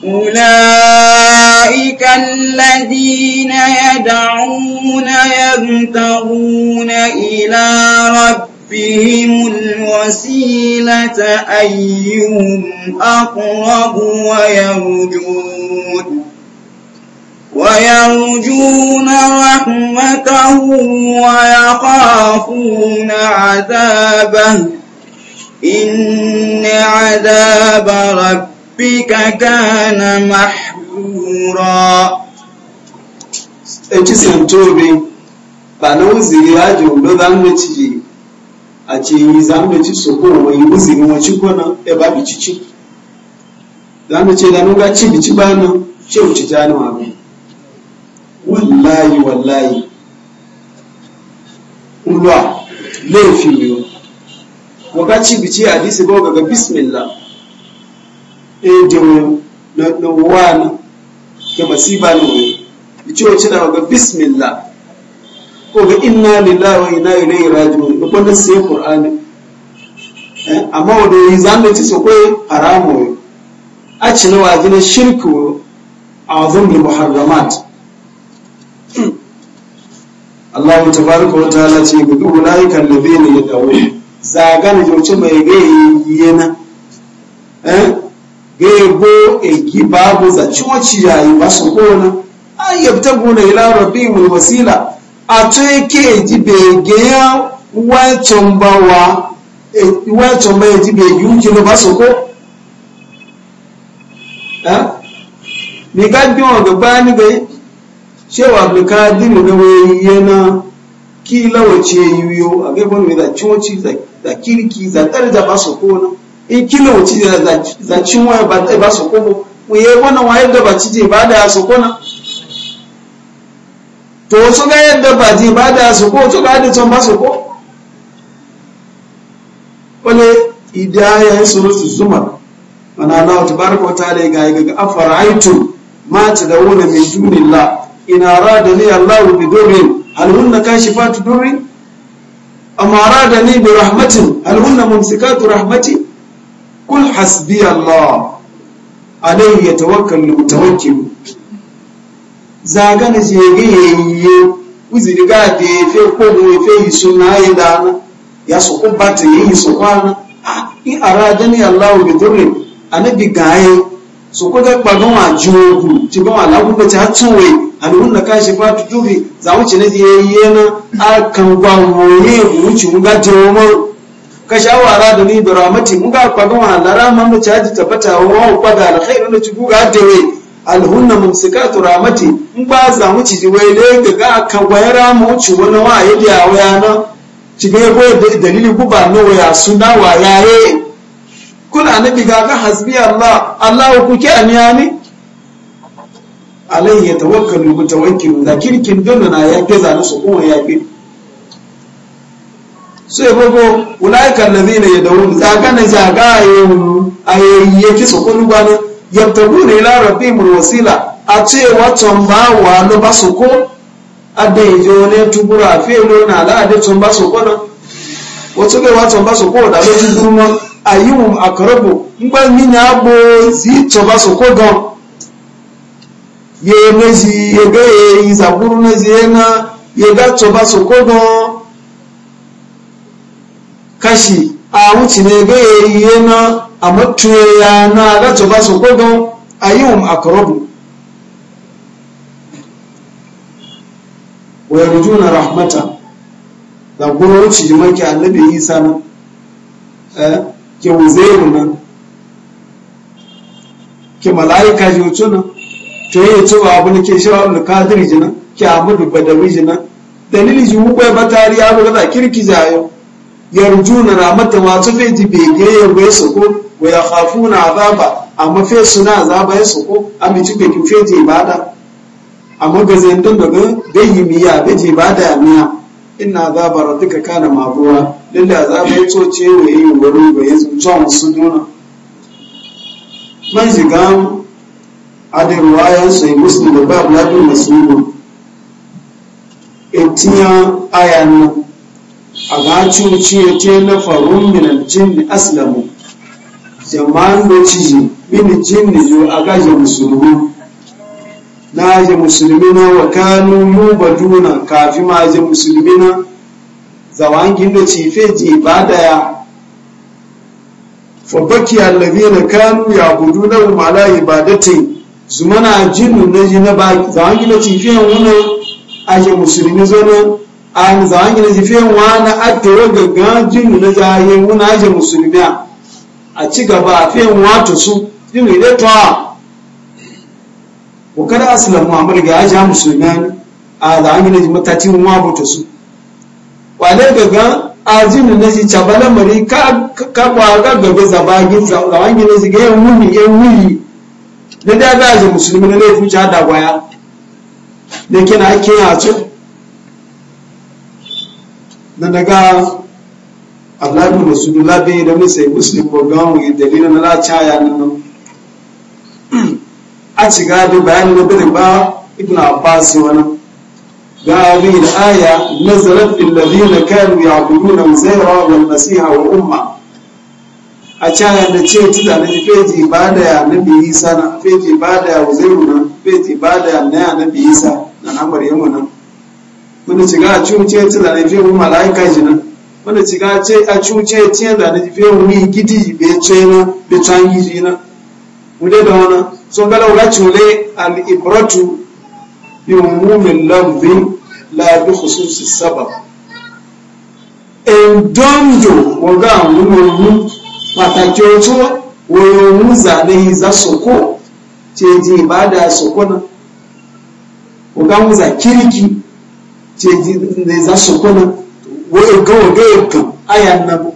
أولئك الذين يدعون يبتغون إلى ربهم الوسيلة أيهم أقرب ويرجون ويرجون رحمته ويخافون عذابه إن عذاب ربك كان محذورا ekisin tobe ba na wuziri yaji ondo za mu ci a ce yi za mu ci soko wa yi wuziri wa ci kwana ba bi ci ci za mu ce da nuga ci bi ci ba nan ce wuce ta ni wa wallahi wallahi ulwa laifin yiwu wakati bici hadisi ba gaga bismillah e dewo na na wani ke masiba ne wani bici wace na gaga bismillah ko ga inna lillahi wa inna ilaihi raji'un da kwanan sai qur'ani e, amma wanda yi zanen ci sokwai haramu a cinewa gina shirku a wazin bil muharramat Allah tabaraka wa ta'ala ce bi ulaika alladhina yad'un zagan jochi mai gayi yana eh gaybo egi babu za ciwoci ba su kona yabtaguna ila rabbihim a to yake ji e, ba su ko eh ni cewa abdulkadir ga wai yana kila wace yiwu a gaban mai da coci da kirki za da ba su kona in e, kila wace za cin waya ba ta ba su kona ku yi wannan wayar da ba ci je ba da su kona to wasu ga yadda ba je ba da su ko to ga da can ba su ko wale idaya su zuma mana Allah tabaraka da ya ga ga afara'aytum ma mai min la. Ina arada ni Allah bi durrin hal hunna kashifatu durrin am arada ni bi rahmatin hal hunna mumsikatu rahmati kul hasbi Allah alayhi yatawakkal mutawakkil zaga ne jege yeye uziri ga de fe ko mu fe yisu na yidana ya so ko yi yisu kwana ah in arada ni Allah bi durrin anabi gaye so ko ta kpaga wa jogu ti ba wa lagun ko ta tuwe alun da kashi ba tu jubi za mu cine yi na a kan gwa mu mu ci mu ga je mu ka shawara da ni da ramati mu ga kpaga wa lara man mu ta ji tabbata wa wa da alkhairu na ci ga dewe alhunna mumsikatu ramati in ba za mu ci wai le ga ga kan gwa mu ci wani wa ya da wa na ci ga go dalilin guba no ya suna wa yaye kula na biga ga hasbi Allah Allah ku ke amiyani alaihi yatawakkalu mutawakkilu da kirkin dole na ya ke zanu su kuma ya ke so ya ulaika allazina yadawun zaga na zaga ayu ayyaye ki su kullu bana yabtaguna ila rabbihim wasila a ce watan ba wa no ba su ko adejo ne tubura fe lo na ala adejo ba su ko na wato ga watan ba su ko da lo tuburu mo ayiwum akorobo ngba mini abo zi tsoba soko gan ye mezi ye ga e, ye izaburu mezi yena ye ga tsoba soko gan kashi a na ne ga e, ye yena a matuye ya na ga tsoba soko gan ayiwum akorobo wa yarjuna rahmata da gururci maki annabi isa nan eh ke uzairu nan ke mala'ika ji wucu nan to yi cewa abu ne ke shawar kadiri ji nan ke amadu badawi ji nan dalilin shi hukwai ba ya abu gaza kirki ya ruju na mata masu fe ji bege ya gwe su ko wa ya hafu na azaba amma fe suna azaba ya su ko amma ci kwekin fe ibada amma ga zai don daga gayyimi ya gaji ibada ya miya inna azaba duka kana mabuwa lalle azaba yato coce wa yi wuri ba yanzu zuwa musu nuna man ziga ada ya sai musu da babu labin masudu etiya ayan a ga cuci ya ce na farun minan jin aslamu jama'an da ciji mini jin ne yo a gajin musulmi na musulmina wa kanu yubaduna kafi ma je musulmina zawangin da cifeji ba daya fabaki na kanu yabuduna hum ala ibadati zumana jinnu na ji na baki zawangin da cifiyan wannan aje musulmi zona an zawangin da cifiyan a atoro gaga jinnu na jahi wannan aje musulmiya a ci gaba a fiyan wato su jinnu da tawa wa kada aslamu amal ga aja musulman a da an yi matacin wa bota su wale gaga ajin na ji cabala mari ka ka kwa ga gabe zabagin zawan yi ne ji ga yan wuni yan wuni da da ga aja musulmi ne laifin ja da waya da kina ake a cikin na daga Allah ibn Rasulullah bai da musai muslim ko gawo dalilin na la chaya nan a ci gado bayanin da bari ba ibn abbas wani ga abin aya nazarat fil ladina kanu ya'buduna uzaira wal masiha wa umma a cana da ce tuta da feji ba ya nabi isa na feji ba da ya uzairu na feji ba da ya na ya nabi isa na na maryamu na wanda ci ga cuce tuta da mu malaika ji na wanda ci ga ce a cuce tuta da feji gidi be ce na be can gidi na wude da wani sun gala wula cule al'ibratu bi umumin lamzi la bi khususi sabab in dondo waga mu pàtàkì ọtún wòròhún zàlẹ́yìn zásòkó tí è di ìbáda àsòkó náà ọgáhún zà kíríkì tí è di ìzásòkó náà wo ègán ọ̀gá ègán ayà nàbọ̀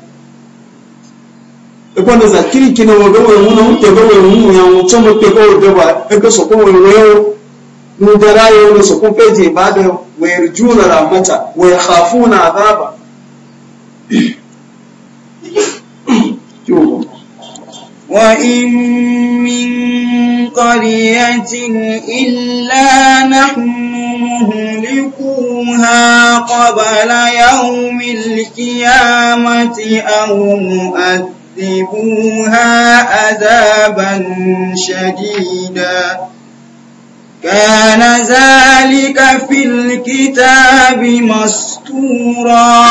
ekwanda za kiriki na wobe wewu na mutebe wewu ya wuce mutebe wobe ba ebe sokon wewewo nudara yau da sokon feji ba da wayar juna ramata wayar hafu na azaba وإن من قرية إلا نحن مهلكوها قبل يوم القيامة أو مؤثرون فعذبوها عذابا شَدِيدًا كان ذلك في الكتاب مسطورا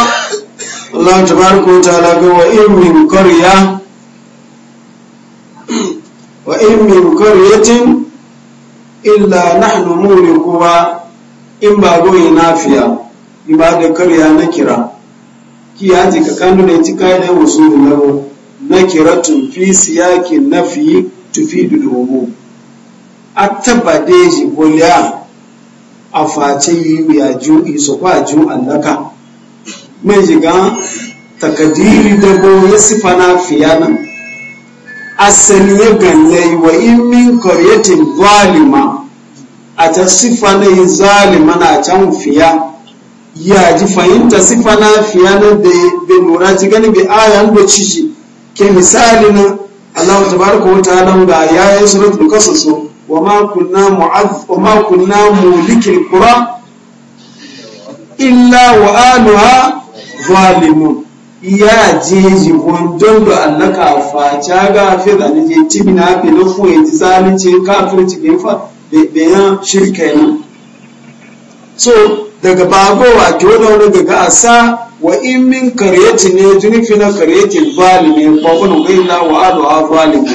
الله تبارك وتعالى وإن من قرية وإن من قرية إلا نحن مولكها in ba goyi nafiya in ba da karya na kira ki ya ji nakiratun fi siyakin nafi tufidu da umu a taba shi boliya a face yi ya kwa ju allaka mai jiga takadiri da bo ya sifa na fiya nan asali ya ganle wa in min qaryatin zalima a ta sifa na na can fiya yaji ji fahimta sifa na fiya lura ji bi ayan da ciji ke misali na Allah tabaraka wa ta'ala ga yayin suratul qasas wa ma kunna mu'adh wa ma kunna mulikil qura illa wa anha zalimun jeji wandon da Allah ka faca ga fi da ni je tibi na fu na e fuwa ji zalunci kafirci bin fa da ya shirka so daga bagowa ke wani wani daga asa wa in min karyati ne jinifi na karyati zalimi ko kun gaila wa adu'a zalimi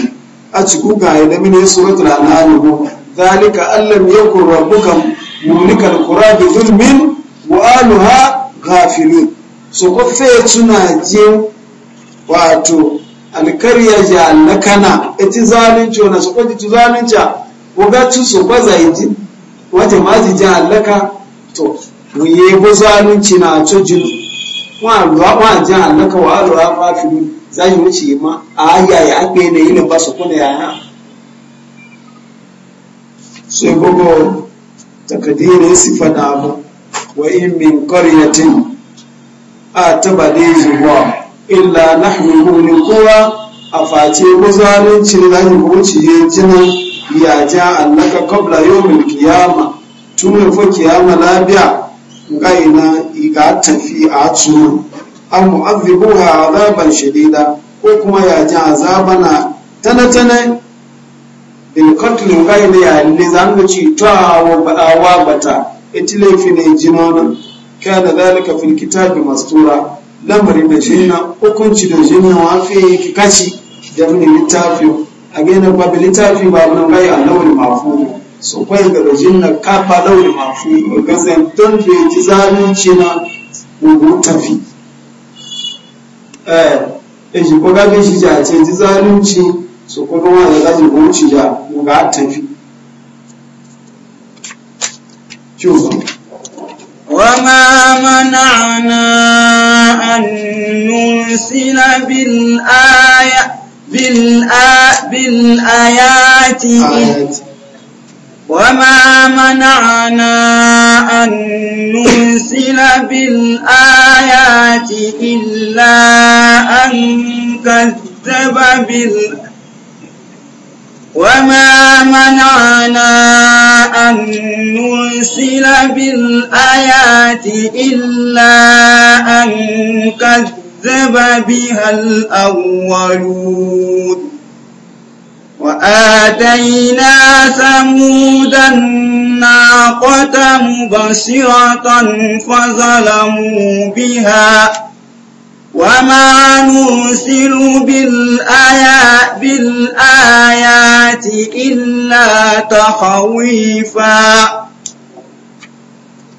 a cikin ga da mini suratul an'am zalika allam yakun rabbuka mulikal qura bi zulmin wa aluha ghafilun so ko fe suna je wato alkarya ya lakana eti zalunci wannan so ko ji zalunci ko ga tu so ba zai ji wace ma ji halaka to mu yi zalunci na to wọn àlùwà wọn àjẹ àlọkọ wọn àlùwà wọn àfihàn záyìn wọn ṣèyí mọ ààyè àyè àgbẹ ní ilẹ̀ bá sọkún ní àyà. ṣé gbogbo takadirin sì fada abu wa in min qaryatin atabade zuwa illa nahnu mulikuha afati muzalincin zani wuciye jinin ya ja annaka qabla yawmil qiyamah tun fa qiyama labiya na iga tafi a tsoro an mu'azzibuha azaban shadida ko kuma ya ji azaba na tanatana bil qatl gaina ya le zanga ci tawa ba'awa bata ita laifi ne jinona kana zalika fil kitabi mastura lamarin da jinna hukunci da jinna wa fi kikaci da mun littafi a gaina ba littafi ba mun gai alawul mafudu su kwai da bajin na kafa lauri mafi ga don da ya ji zalunci na ugu tafi eh eji ko ga shi ja ce ji zalunci su ko kuma da za su wuce ja uga tafi وما منعنا أن نرسل بالآية بالآ بالآيات وما منعنا أن نرسل بالآيات إلا أن كذب بال وما منعنا أن نرسل بالآيات إلا أن كذب بها الأولون وآتينا ثمود الناقة مبصرة فظلموا بها وما نرسل بالآيات, بالآيات إلا تخويفا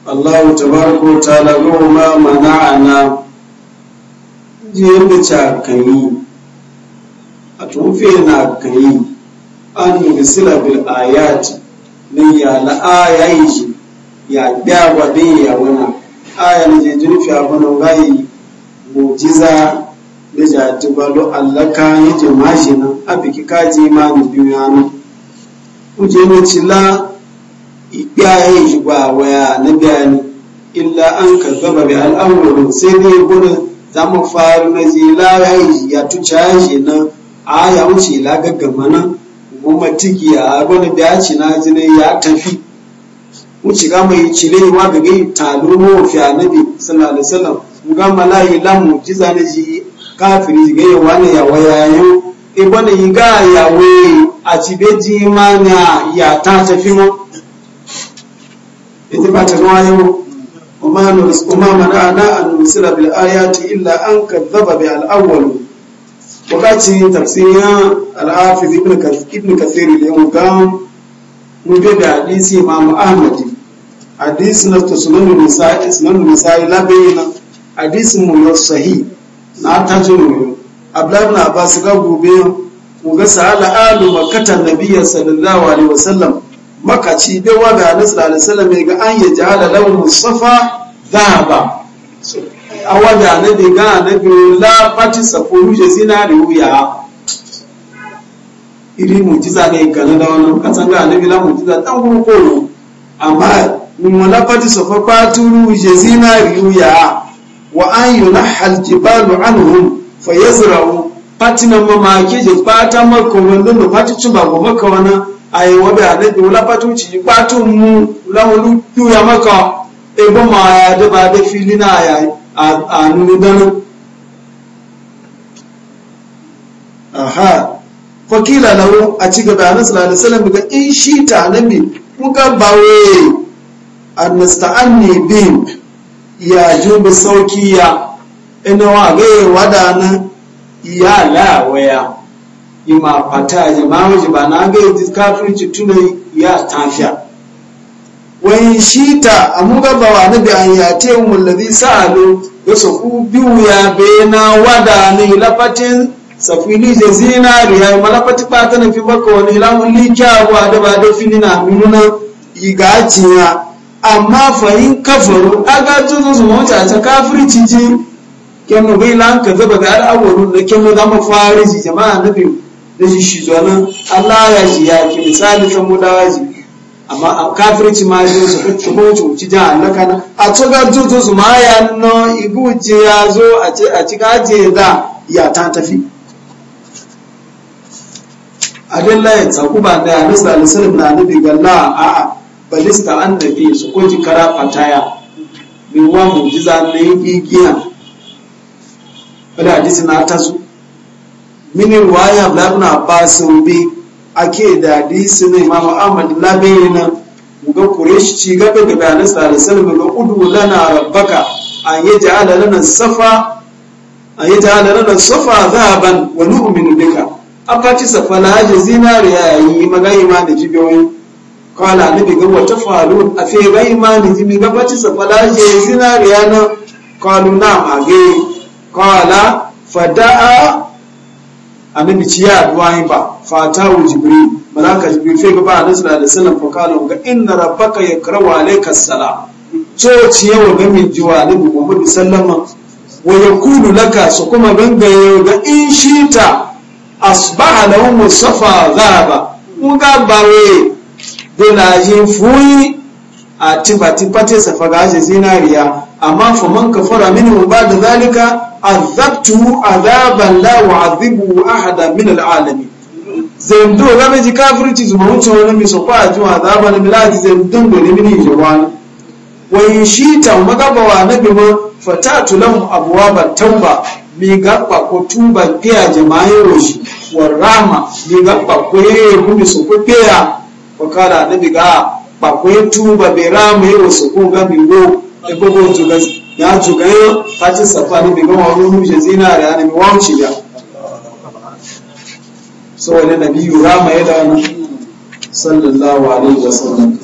الله تبارك وتعالى ما منعنا جيب كمين a tufe na kai an yursila bil ayati ne ya la ayayi ji ya gaba da ya wana aya ne je jirfi abun gai mujiza da ja tibalo allaka yaje majina abiki kaji ma ni duniya kuje ne cila iyaye shi ba waya na bayani illa an kazzaba bi al'amurin sai dai gudun za mu faru na zila ya yi ya tuca shi na Aya wuce la gaggama nan goma tiki a gwani da ya ci na jini ya tafi wuce ga mai cile wa ga gai talo mu fi annabi sallallahu alaihi wasallam mu ga malai lamu ji zane ji kafiri ga ya wani ya waya e bana yi ga ya we a ci beji mana ya ta tafi mu e ita ba ta ruwa yau وما من أنا أن نرسل بالآيات إلا أن كذب بها الأولون wakati tafsirin al'afiz ibn kasiri ne mu ga da hadisi imamu ahmadi hadisi na ta sunanu nisa'i sunanu nisa'i labayina hadisi mu na sahi na ta jinu abdullahi na abbas ga gobe mu ga sa'ala alu makkata nabiyya sallallahu alaihi wasallam makaci bai wa ga nabi sallallahu alaihi wasallam ga an yaji halalahu musafa dhahaba awa da anabi ga anabi la pati sakuru je zinari wuya iri mujiza ne gane da wannan kasan ga anabi la mujiza dan gurgoro amma mu la pati safa paturu je zinari wuya wa an yunahal jibalu anhum fayazra'u patina mamake je pata makomando no pati chumba go wa ayi na anabi la pati wuce patu mu la wulu ya maka ebo ma ya de ba de filina ya a aha dana aha fakila a ci gaba a nasu lalisa lam daga in shi ta nabi muka bawe an nasta'anni bin ya jubi sauki ya ina wa wada na ya lawaya ima fata jama'a jibana gaye kafirci tunai ya tafiya wayin shita amuga bawa nabi an yate mu alladhi sa'alu yaso ku biu ya bena wada ni lafatin safili je zinari ya malafati pata na fi baka wani lamun likya wa da ba da fini na minuna igaciya amma fahim kafaru aga tuzo su mota ta kafirci ji kemu bai lan ka zaba ga al'awwalu da kemu zama fariji jama'a nabi da shi shi zuwa nan Allah ya shi ya ki misali kan mudawaji amma a kafirci ma zo su su ko su ci jihar na na a tsoga tutu su ma ya no ibuce ya zo a ci a ci gaje da ya ta tafi abin la ya tsaku ba da hadis da alisalim na nabi galla a a balista annabi su ko ji kara fataya bi wa mujiza na yi giya wala hadisi na tasu mini waya ba abbas bi ake da hadisi na imam ahmad labaina ga quraish ci gaba ga bayanan sallallahu ga udu lana rabbaka an yaj'ala lana safa an yaj'ala lana safa zahaban wa nu'minu bika aka ci safa na haji zinariya yayi magayi ma da jibiyoyi kala nabi ga wata faru a fe bai ma ni jibi. ga bace sa falaje zinariya na kalu na mage kala fadaa annabi ci ya duwa yi ba fatawu jibril malaka jibril fe ga ba annabi da alaihi wasallam fa kana ga inna rabbaka yakrawu alayka salam to ci yawa ga min jiwa annabi muhammad sallama wa Kudu laka su kuma gangaye ga in shita asbaha lahum safa dhaba mun ga bawe dona yin fuyi a tibati pate safa faga aje zinariya amma fa man kafara minhu ba'da zalika azabtu azaban la u'adhibu ahada min al'alamin zendo ga meji kafirci zuma wuce wani mi so kwa ju azaban miladi zendun do ne mini je wani wa in shita magaba wa nabi ma fatatu abuwa ba tauba mi gaba ko tumba kiya jama'i roshi warama mi gaba ko ye gumi so ko kiya nabi ga ba ku yi tuba bai ramu yi wasu ko ga ko da gogo tuga ya tuga yau ta ci safa ne bai gama wani mushe zinare ya nemi wauci da so wani na biyu rama ya da wani sallallahu alaihi wa sallam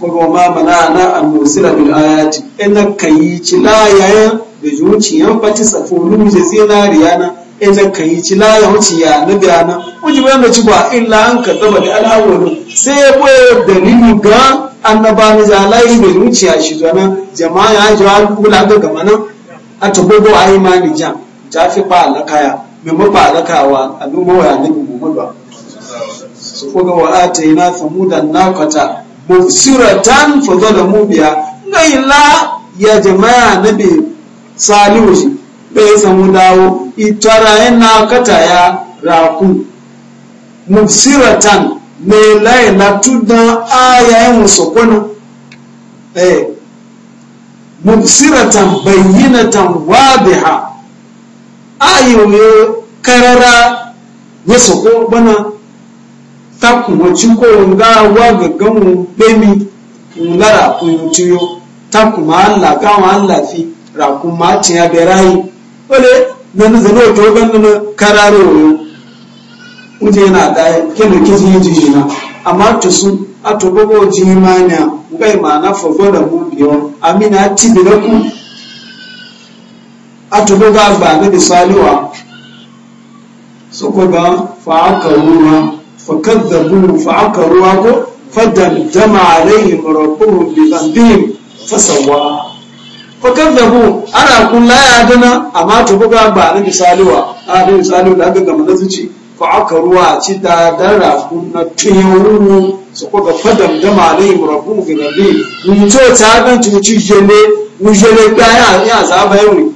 kuma ma mana na an musila bil ayati ina kayi cila la yayan da zuciyan fati safo mushe zinari yana idan ka yi ci ya wuce ya na biyana wuce bayan da ci ba illa an ka zaba da al'awolin sai ya boye dalili ga annaba na jalayi bai wuce ya shi zana jama'a ya ji wa kula ga gama nan a tagogo a yi mani jan. ta fi ba alakaya mai mafa alakawa a duba wa yanayi muhammadu ba su koga wa a ta yi na samudan nakwata mubsiratan fa zalamu biya la ya jama'a nabi salihu shi bai samu dawo itara yana kata ya raku mufsiratan ne lai na tudan ayayen musakwano eh mufsiratan bayyinatan wadiha ayoyo karara ya sako bana takun ga kowon gawa gagganmu bemi ngara kuyutuyo takun ma Allah gawa Allah fi rakun ma tiya wale zane zane o to gan nana kararo yau muje na da ke no kiji ji na amma to su a to gogo ji manya ngai ma na fofo da mu biyo amina ti bi na ku a to gogo ba ne bi saliwa so ba fa ruwa fa kadzabu fa ruwa ko fadam dama alaihim rabbuhum bi dhanbihim fasawa fakar ana kula ya dana amma to buga ba na misaliwa a da misaliwa da aka gama na zuci fa aka ruwa ci da dara kunna tiyuru su kuka fadam da malai murabu ga nabi mun to ta ga tuci jene mun jene ga ya ya ba yau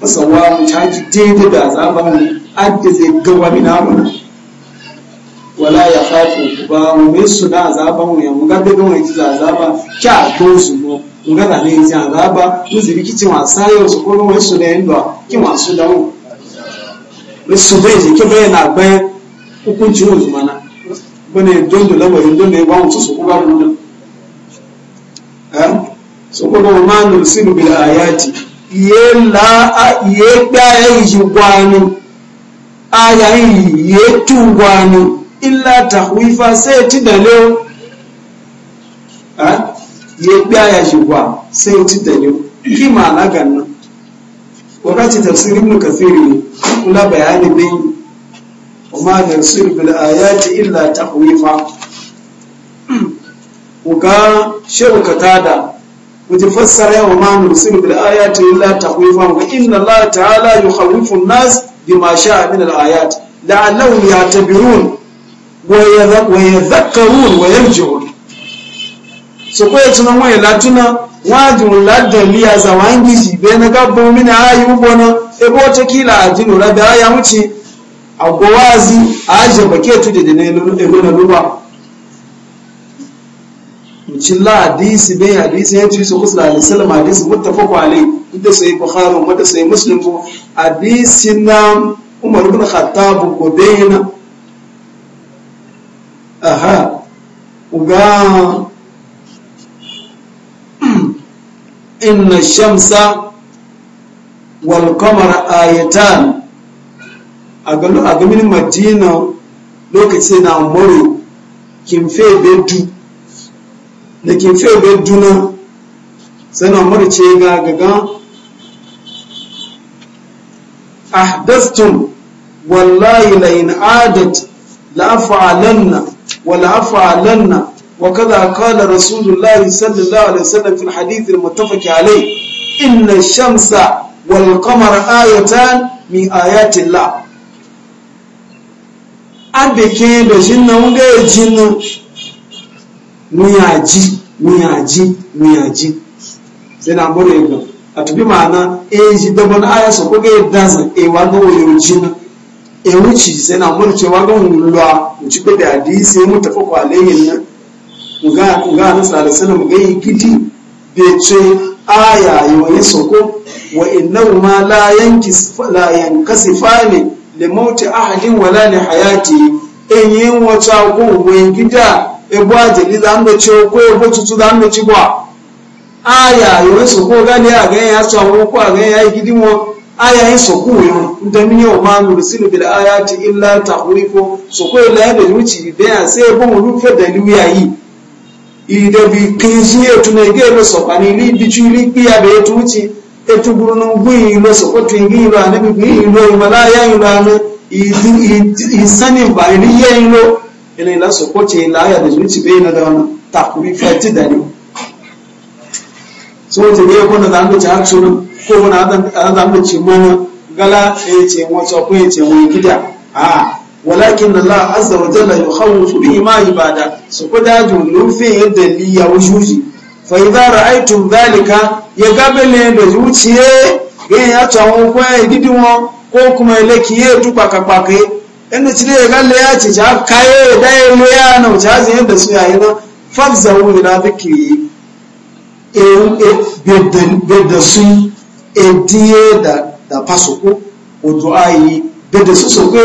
fasawa mun ta ji daidai da ba mun adda zai gawa mina mun wala ya khafu ba mun suna zaba mun ya mun ga daga mun ji ba kya to su mu ngana ne nti anga aba tuzibi kiti wasaye osokolo wesu ne ndwa ki wasu da mu wesu beje ke be na gbe hukunci wuzu mana bane dondo la bayin dondo ba mu su kuba mu eh so ko ma nu sinu bil ayati ye la a ye gba ye jigwani aya yi ye tungwani illa tahwifa sai tidalo ya biya shi kwa sai ci da yau ki ma'ana gannan wakati tafsirin mu kathiri ne kula bayani bai kuma tafsir bil ayati illa tahwifa shirka ta da wuce fassara yawa ma nursil bil ayati illa tahwifa wa inna allah ta'ala yukhawwifu an-nas bima sha'a min al-ayat la'allahum yatabirun wa yadhakkarun wa yarji'un soko ya tuna wani latuna wajin ladali liya zaman gizi bai na gabba mini a yi ugbona ebe wata kila a jin lura da ya wuce a gowazi a ajiye tu da dane ego na ruwa mucilla hadisi bai hadisi ya ci su kusa da alisalam hadisi muttafaku alai inda sai bukhari wanda sai muslim ko hadisi na umar ibn khattab ko bayna aha uga inna shamsa wal qamara ayatan a gamin madina lokaci na moro kimfe bedu da kimfe na sana murce ga gaga ahdastum wallahi la in adat la af'alanna wa la وكذا قال رسول الله صلى الله عليه وسلم في الحديث المتفق عليه إن الشمس والقمر آيتان من آيات الله abeke da shin nan ga jin miyaji miyaji miyaji sai na bore ga a tubi ma'ana e ji daban aya so ko ga danza e wa ga wani jin e wuci sai na mun wa ga mun lwa mu ci da hadisi mu tafi kwalayen nan Ga nga na sala salam ga yikiti be ce aya yoyi soko wa innahu ma la yankis la yankasifani li mauti ahadin wala li hayati enyin wata ko wen gida e bo ajeli da ndo ce ko e bo tutu da ndo ci bo aya yoyi soko ga ni aga ya so ko aga ya yikiti mo aya yin soko yo ndami yo ma nursilu bil ayati illa tahrifu soko la ya da wuci be ya sai mu rufe da liyayi idabi kinji etu na ege meso ani li iri li be etu uchi etu buru na gwi ilo ko twingi ilo ani ilo ya ilo ani insani ba iri ye ilo ile ila so ko che la ya biju uchi be na dawana dani so na na gala e eche a. walakin Allah azza wa jalla yukhawwifu bihi ma ibada su kuda julun fi yadda li ya wujuji fa idza ra'aytum dhalika ya gabele da zuciye ga ya tawo ko ya gidi won ko kuma leki ya tuba kakpake inda cire ya galle ya ce ja kaye da ya lo ya na wuce azin yadda su yayi na fafzawu ila dhikri e, e bedda bedda su e diye da da pasoko da su so kwe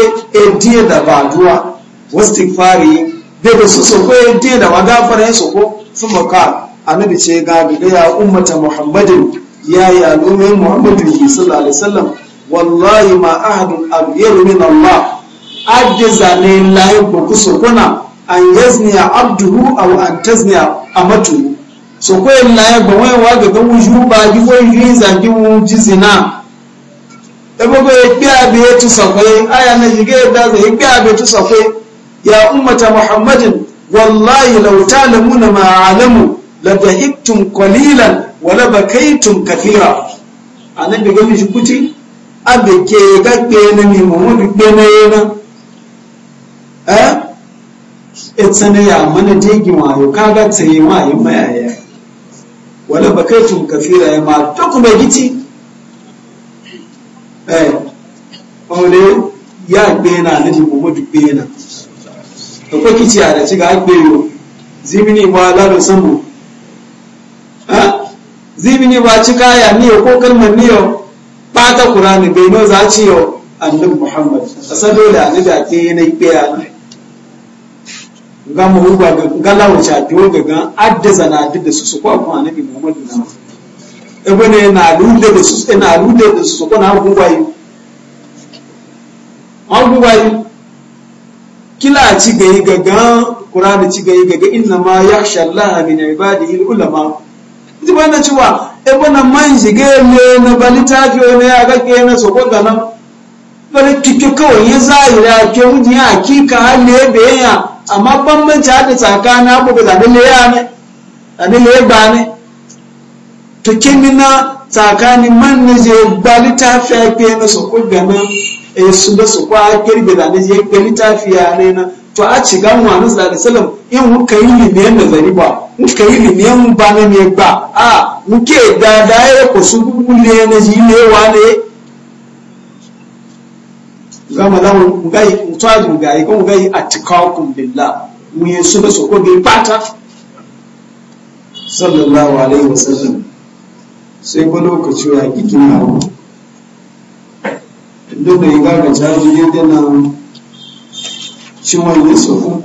ediye da baduwa wasu tikfari da su so kwe ediye da magafara ya soko sun maka annabi ce ga gaga ya ummata muhammadin ya yi alumin muhammadin sallallahu alaihi wasallam wallahi ma ahadun abiyaru min allah adiza zane layin ku sokona an yazniya abduhu a an tazniya amatu so ko layin ba wai wa ga wuju ba gi wai yi zangi wujizina zina ebogo igbe abi etu sakwe aya na yige daga igbe abi etu sakwe ya ummata muhammadin wallahi law ta'lamuna ma alamu la dhahiktum qalilan wa la bakaytum kathira anabi gami jukuti abe ke ga gbe na mi muhammadu gbe na yana eh etsane ya mana jegi wayo kaga tsaye wayo mayaya wala bakaytum kathira ya ma to kuma gici Eh, ọmọdé yá gbé náà níbi gbogbo jù gbé náà akwai kici a da ciga ake yiwu ba lalo sambo zimini ba cika ya niyo ko kalmar niyo bata kurani bai no za ci a annabi muhammad a san dole a nida ke yanayi ɗaya ne ga mu ruba ga lawo cha biyo ga ga adda zana da su su kwa na ebene na alude da su na alude da su ko na gugwai an gugwai kila ci gaga qur'ani ci gayi gaga inna ma yakhsha allaha min ibadihi ulama ji bana cewa ebene man ga ne na balita fi ne ya ga ke na so ko ganan bari kike kawai ya zahira ke wuji ya hakika halle beya amma bambanci hada tsakanin ga da ne ya ne da le ba ne to kemina tsakanin man na je ba littafi ya fiye na su kuga na e su da su kwa girbe da na je ga littafi ya ne na to a ci gan wani tsari salam in muka yi limiyan da zari ba muka yi limiyan ba na ne ba a muke dada da ya ku su gugule na ji ne wa ne gama da mu ga yi mutaju ga yi kuma ga yi atikakum billah mu yi su da su kuga fata sallallahu alaihi wasallam sai ko lokaci ya giki na hau duk da yi gaga jari yadda na ciwon ya soko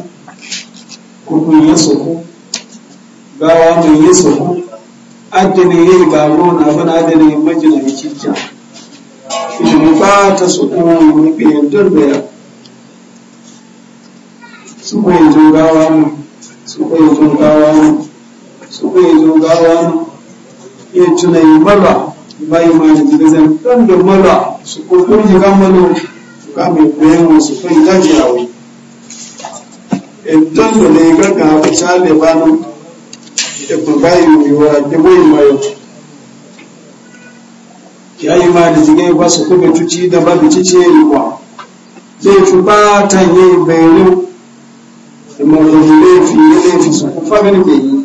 kuku ya soko gawa mai ya soko adini ya yi gano na abin adini ya majina ya cikin ilimin ba ta soko rufe yadda da ya su kwaye zo gawa mu su kwaye zo gawa mu su kwaye zo gawa mu iya tuna yi mala bayi ma da gida zan dan da mala su ko kurji kan mana su ka mai koyan wasu kai daji a wai dan da ne ga ga ku sale ba nan da ku bayi mu yi wa da boyi ma yau ya yi ma da jigai ba su kuma tuci da ba bici ce yi kwa zai fi ba ta yi bayanin da mawajen laifi ya laifi su ku fagani bai yi